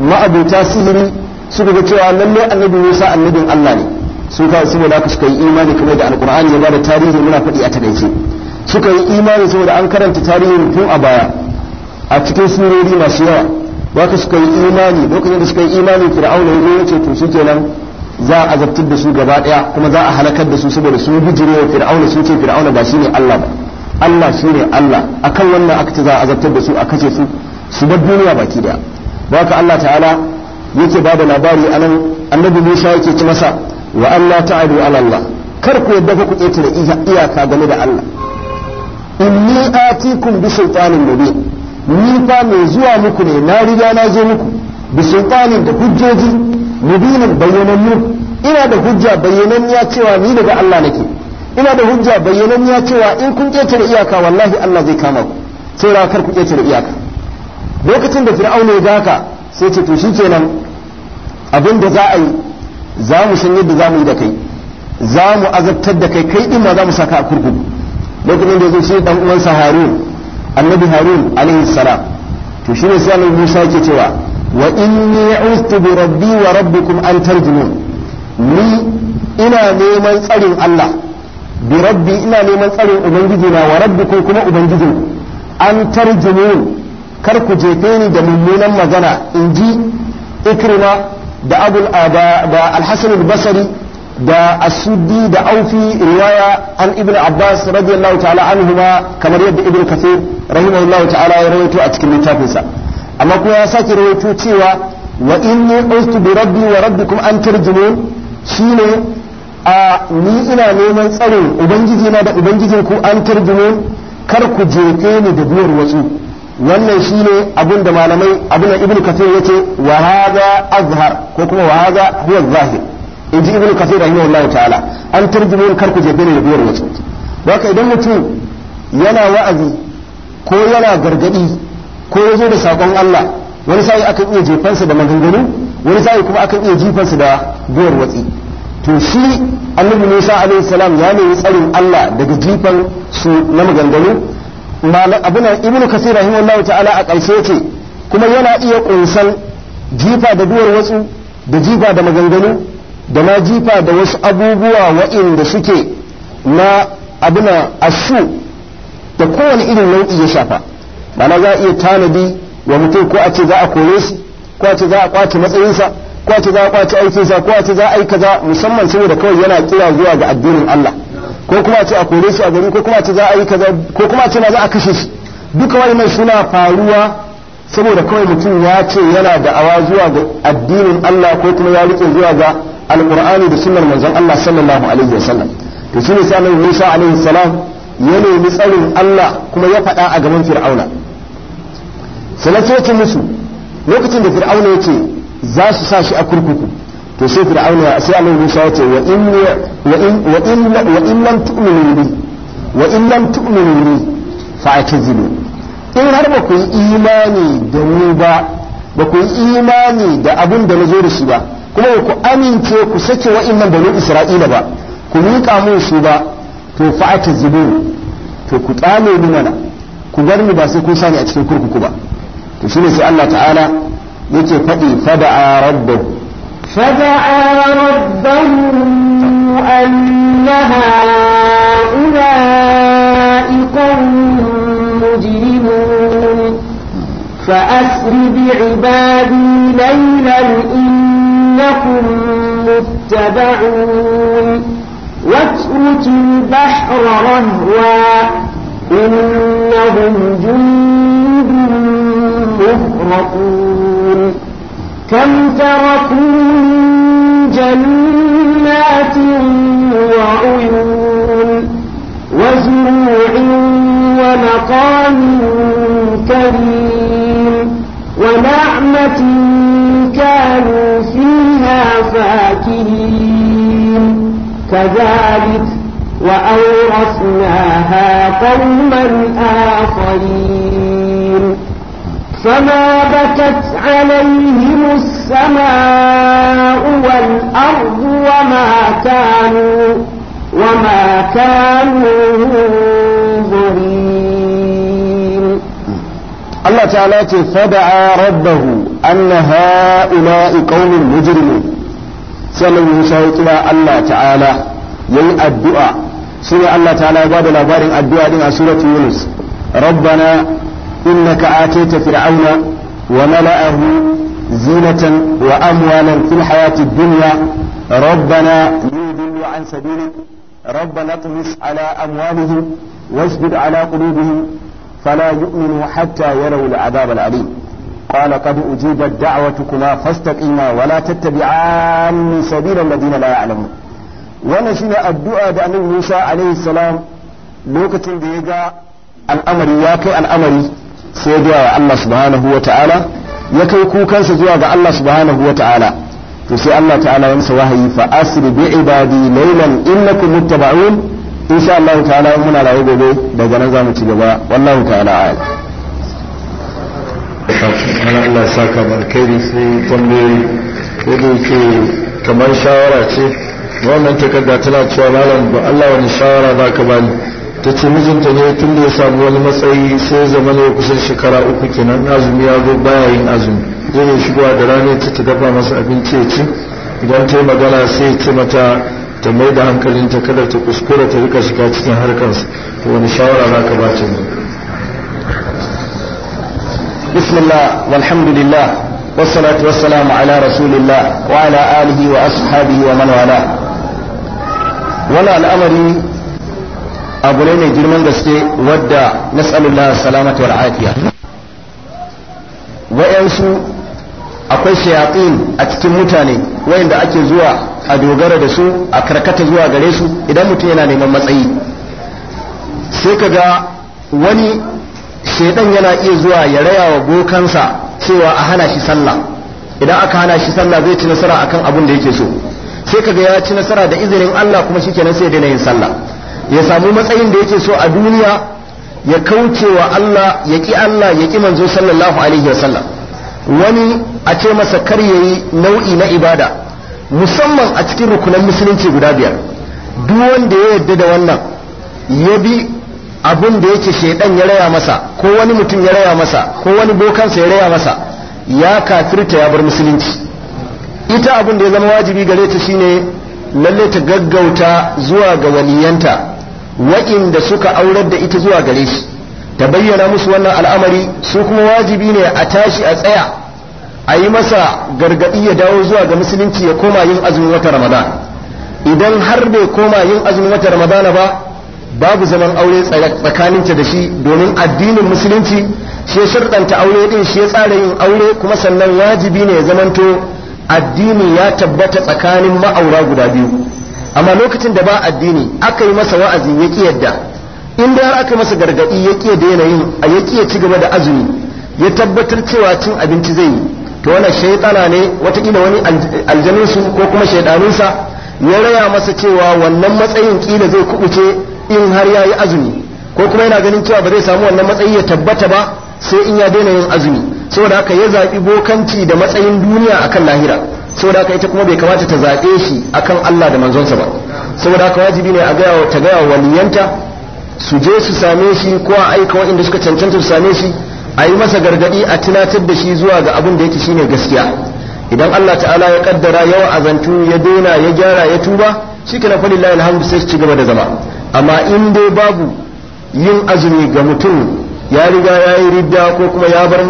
ma'abuta sihiri suka ga cewa lallai annabi Musa annabin Allah ne su kawai saboda haka suka yi imani kamar da alkur'ani ya da tarihi muna faɗi a takaice suka yi imani saboda an karanta tarihin tun a baya a cikin surori masu yawa ba suka yi imani lokacin da suka yi imani fir'auna ya ce to kenan za a azabtar da su gaba daya kuma za a halakar da su saboda sun yi jirewa fir'auna sun ce fir'auna ba shine Allah ba Allah shine Allah akan wannan aka ce za a azabtar da su a kace su su bar duniya baki daya baka Allah ta'ala yake bada labari anan annabi Musa yake ci masa wa alla ta'adu ala Allah kar ku yadda ku da iyaka game da Allah inni atikum bi sultanin mubin ni fa mai zuwa muku ne na riga na zo muku bi sultanin da hujjoji mubinin bayyanannu ina da hujja bayyananniya cewa ni daga Allah nake ina da hujja bayyananniya cewa in kun ƙetare iyaka wallahi Allah zai kama ku sai ra kar ku ƙetare iyaka lokacin da fir'auna ya gaka sai ce to shikenan abin da za a yi za mu san yadda za mu yi da kai za mu azabtar da kai kai din ma za mu saka a kurkuku lokacin da ya zo shi dan uwansa harun annabi harun alaihi salam to shine sai musa ke cewa wa inni ustu bi rabbi wa an tarjumun ni ina neman tsarin Allah bi rabbi ina neman tsarin ubangiji na wa rabbikum kuma ubangiji an tarjumun kar ku jefe ni da mummunan magana in ji ikrima da abul da al-hasan basri da asuddi da aufi riwaya an ibn abbas radiyallahu ta'ala anhuma kamar yadda ibn kathir rahimahullahu ta'ala ya rawaito a cikin littafinsa amma kuma ya sake rawaito cewa wa inni ustu bi rabbi wa rabbikum an tarjumu shine a ni ina neman tsarin ubangiji na da ubangijin ku an tarjumu kar ku jefe ni da biyar wasu wannan shine abin da malamai abin da ibnu kathir yace wa hadha azhar ko kuma wa hadha huwa zahir inji ibnu kathir rahimahullahu ta'ala an tarjumu kar ku jefe ni da biyar wasu haka idan mutum yana wa'azi ko yana gargadi ko ya zo da sakon Allah wani sa'i akan iya jefansa da maganganu wani sa'i kuma akan iya jifansa da buwar watsi to shi annabi Musa alaihi salam ya nemi tsarin Allah daga jifan su na maganganu abu na ibnu kasir rahimahullahu ta'ala a ƙarshe ce kuma yana iya kunsan jifa da buwar watsu da jifa da maganganu da ma jifa da wasu abubuwa waɗanda suke na abuna ashu da kowane irin nau'i ya shafa mana za a iya tanadi wa mutum ko a ce za a kore shi ko a ce za a kwace matsayinsa ko a ce za a kwace aikinsa ko a ce za a yi kaza musamman saboda kawai yana kira zuwa ga addinin Allah ko kuma a ce a kore shi a gari ko kuma a ce za a yi kaza ko kuma a ce ma za a kashe shi duka wannan suna faruwa saboda kawai mutum ya ce yana da'awa zuwa ga addinin Allah ko kuma ya rike zuwa ga alqur'ani da sunnar manzon Allah sallallahu alaihi wasallam to shine sai Musa alaihi salam ya nemi tsarin Allah kuma ya faɗa a gaban Fir'auna sannan musu lokacin da fir'auna ya ce za su sa shi a kurkuku to sai fir'auna sai Allah Musa ya ce wa in wa in wa in wa in lam tu'minu bi wa in lam tu'minu fa in har ba ku imani da mu ba ba ku imani da abin da nazo da shi ba kuma ku amince ku sake wa'annan banu Isra'ila ba ku miƙa mun shi ba to fa'tazilu to ku tsame ni mana ku bar ni ba sai kun sani a cikin kurkuku ba وشو shine الله تعالى ta'ala فدي فدعا ربه فدعا ربه أن هؤلاء قوم مجرمون فأسر بعبادي ليلا إنكم متبعون واترك البحر رهوا إنهم جند يفرقون كم تركوا من جنات وعيون وزروع ومقام كريم ونعمة كانوا فيها فاكهين كذلك وأورثناها قوما آخرين فما بكت عليهم السماء والأرض وما كانوا وما كانوا منظرين الله تعالى فدعا ربه أن هؤلاء قوم مجرمون sannan Musa ya kira Allah ta'ala ya yi addu'a shi ne Allah ta'ala ya ba da labarin addu'a din a suratu Yunus rabbana إنك آتيت فرعون وملأه زينة وأموالا في الحياة الدنيا ربنا يضل عن سبيلك ربنا اطمس على أموالهم واشدد على قلوبهم فلا يؤمنوا حتى يروا العذاب العليم قال قد أجيبت دعوتكما فاستقيما ولا تتبعان سبيل الذين لا يعلمون wannan الدعاء addu'a موسى عليه السلام لوكة ديجا الأمر da الأمر sai zuwa wa Allah subhanahu wa ta'ala ya kai kukansa zuwa ga Allah subhanahu wa ta'ala to sai Allah ta'ala ya masa wahayi fa asri bi ibadi laylan innakum muttaba'un insha Allah ta'ala muna rayu gobe daga nan zamu ci gaba wallahi ta'ala a'lam Allah ya saka barkai sai tambayoyi ko da kamar shawara ce wannan takarda tana cewa malam ba Allah wani shawara za ka bani ta ce mijinta ne tun da ya samu wani matsayi sai zama ne kusan shekara uku kenan azumi ya zo baya yin azumi zai ne shigowa da rana ta ta dafa masa abinci ya ci idan ta yi magana sai ce mata ta mai da hankalinta kada ta kuskura ta rika shiga cikin harkarsa to wani shawara za ka ba ta ne bismillah walhamdulillah والحمد لله ala rasulillah wa ala alihi wa ashabihi wa man wala ولا al'amari abu ne mai girman gaske wadda na nas'alullah salamata wal afiya wayansu akwai shayatin a cikin mutane wayanda ake zuwa a dogara da su a karkata zuwa gare su idan mutum yana neman matsayi sai kaga wani shaidan yana iya zuwa ya raya wa bokansa cewa a hana shi sallah idan aka hana shi sallah zai ci nasara akan abin da yake so sai kaga ya ci nasara da izinin Allah kuma shikenan sai daina yin sallah ya samu matsayin da yake so a duniya ya kauce wa Allah ya ki Allah ya ki manzo sallallahu alaihi wasallam wani a ce masa kar yayi nau'i na ibada musamman a cikin rukunan musulunci guda biyar duk wanda ya yarda da wannan ya bi abin da yake shaidan ya raya masa ko wani mutum ya raya masa ko wani bokansa ya raya masa ya kafirta ya bar musulunci ita abin da ya zama wajibi gare ta shine lalle ta gaggauta zuwa ga waliyanta waɗanda suka aurar da ita zuwa gare shi ta bayyana musu wannan al'amari su kuma wajibi ne a tashi a tsaya a yi masa gargaɗi ya dawo zuwa ga musulunci ya koma yin azumin wata ramadan idan har bai koma yin azumin wata ramadan ba babu zaman aure tsakaninta da shi domin addinin musulunci shi shirɗanta aure din shi ya tsara yin aure kuma sannan wajibi ne ya zamanto addini ya tabbata tsakanin ma'aura guda biyu amma lokacin da ba addini aka yi masa wa'azi ya ki yadda in da har aka masa gargadi ya ki daina yin a ya ki ci gaba da azumi ya tabbatar cewa cin abinci zai yi to wannan shaytana ne watakila wani aljanin ko kuma shaydanin ya raya masa cewa wannan matsayin kila zai kubuce in har yayi azumi ko kuma yana ganin cewa ba zai samu wannan matsayi ya tabbata ba sai in ya daina yin azumi saboda haka ya zaɓi bokanci da matsayin duniya akan lahira saboda haka ita kuma bai kamata ta zaɓe shi akan Allah da manzonsa ba saboda haka wajibi ne a gaya ta waliyanta su je su same shi ko a aika waɗanda suka cancanta su same shi a yi masa gargaɗi a tunatar da shi zuwa ga abin da yake ne gaskiya idan Allah ta'ala ya kaddara yawa azantu ya daina ya gyara ya tuba shikenan falillahi alhamdu sai ci gaba da zama amma in dai babu yin azumi ga mutum ya riga ya yi ridda ko kuma ya bar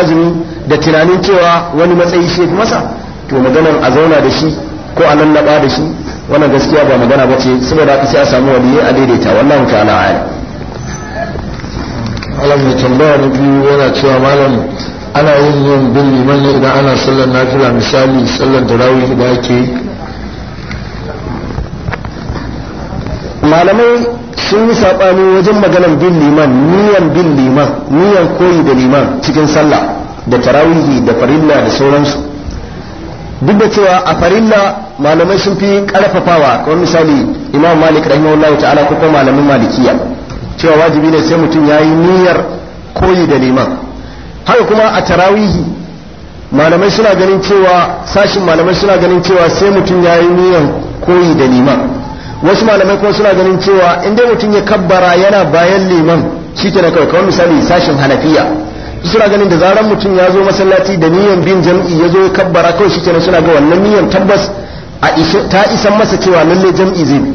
azumi da tunanin cewa wani matsayi shi masa to maganar a zauna da shi ko a nan da shi wannan gaskiya ba magana ba ce saboda haka sai a samu waliyai a daidaita na ayi a'lam malam tambaya na biyu yana cewa malam ana yin yin bin liman ne idan ana sallar nafila misali sallar rawi da ake malamai sun yi saɓani wajen maganar bin liman niyan bin liman niyan koyi da liman cikin sallah da tarawihi da farilla da sauransu duk da cewa a farilla malamai sun fi karfafawa kamar misali imam malik Allah ta'ala ko kuma malamin malikiya cewa wajibi ne sai mutum ya yi niyyar koyi da liman haka kuma a tarawihi malamai suna ganin cewa sashin malamai suna ganin cewa sai mutum yayi niyyar koyi da liman wasu malamai kuma suna ganin cewa in dai mutum ya kabbara yana bayan liman shi kenan kawai kamar misali sashin hanafiya suna ganin da zaran mutum ya zo masallaci da niyan bin jam'i ya zo ya kabbara kawai shi kenan suna ga wannan niyan tabbas ta isan masa cewa lalle jam'i zai bi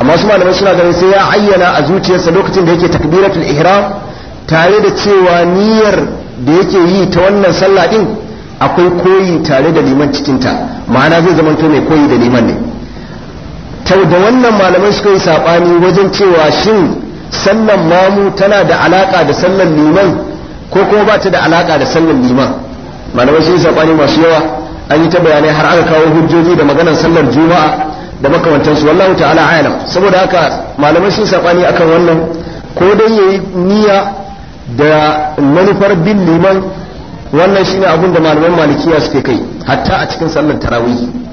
amma su malamai suna ganin sai ya ayyana a zuciyarsa lokacin da yake takbiratul ihram tare da cewa niyyar da yake yi ta wannan sallah din akwai koyi tare da liman cikinta ma'ana zai zama to mai koyi da liman ne ta da wannan malamai suka yi saɓani wajen cewa shin sallan mamu tana da alaka da sallan liman ko kuma ba ta da alaka da sallar liman malamai sun sabani masu yawa an yi ta bayanai har aka kawo hujjoji da maganar sallar juma'a da makamantansu wallahu ta'ala alam saboda haka malamai sun sabani akan wannan ko dai yayi niyya da manufar bin liman wannan shine abin da malaman malikiya suke kai hatta a cikin sallar tarawih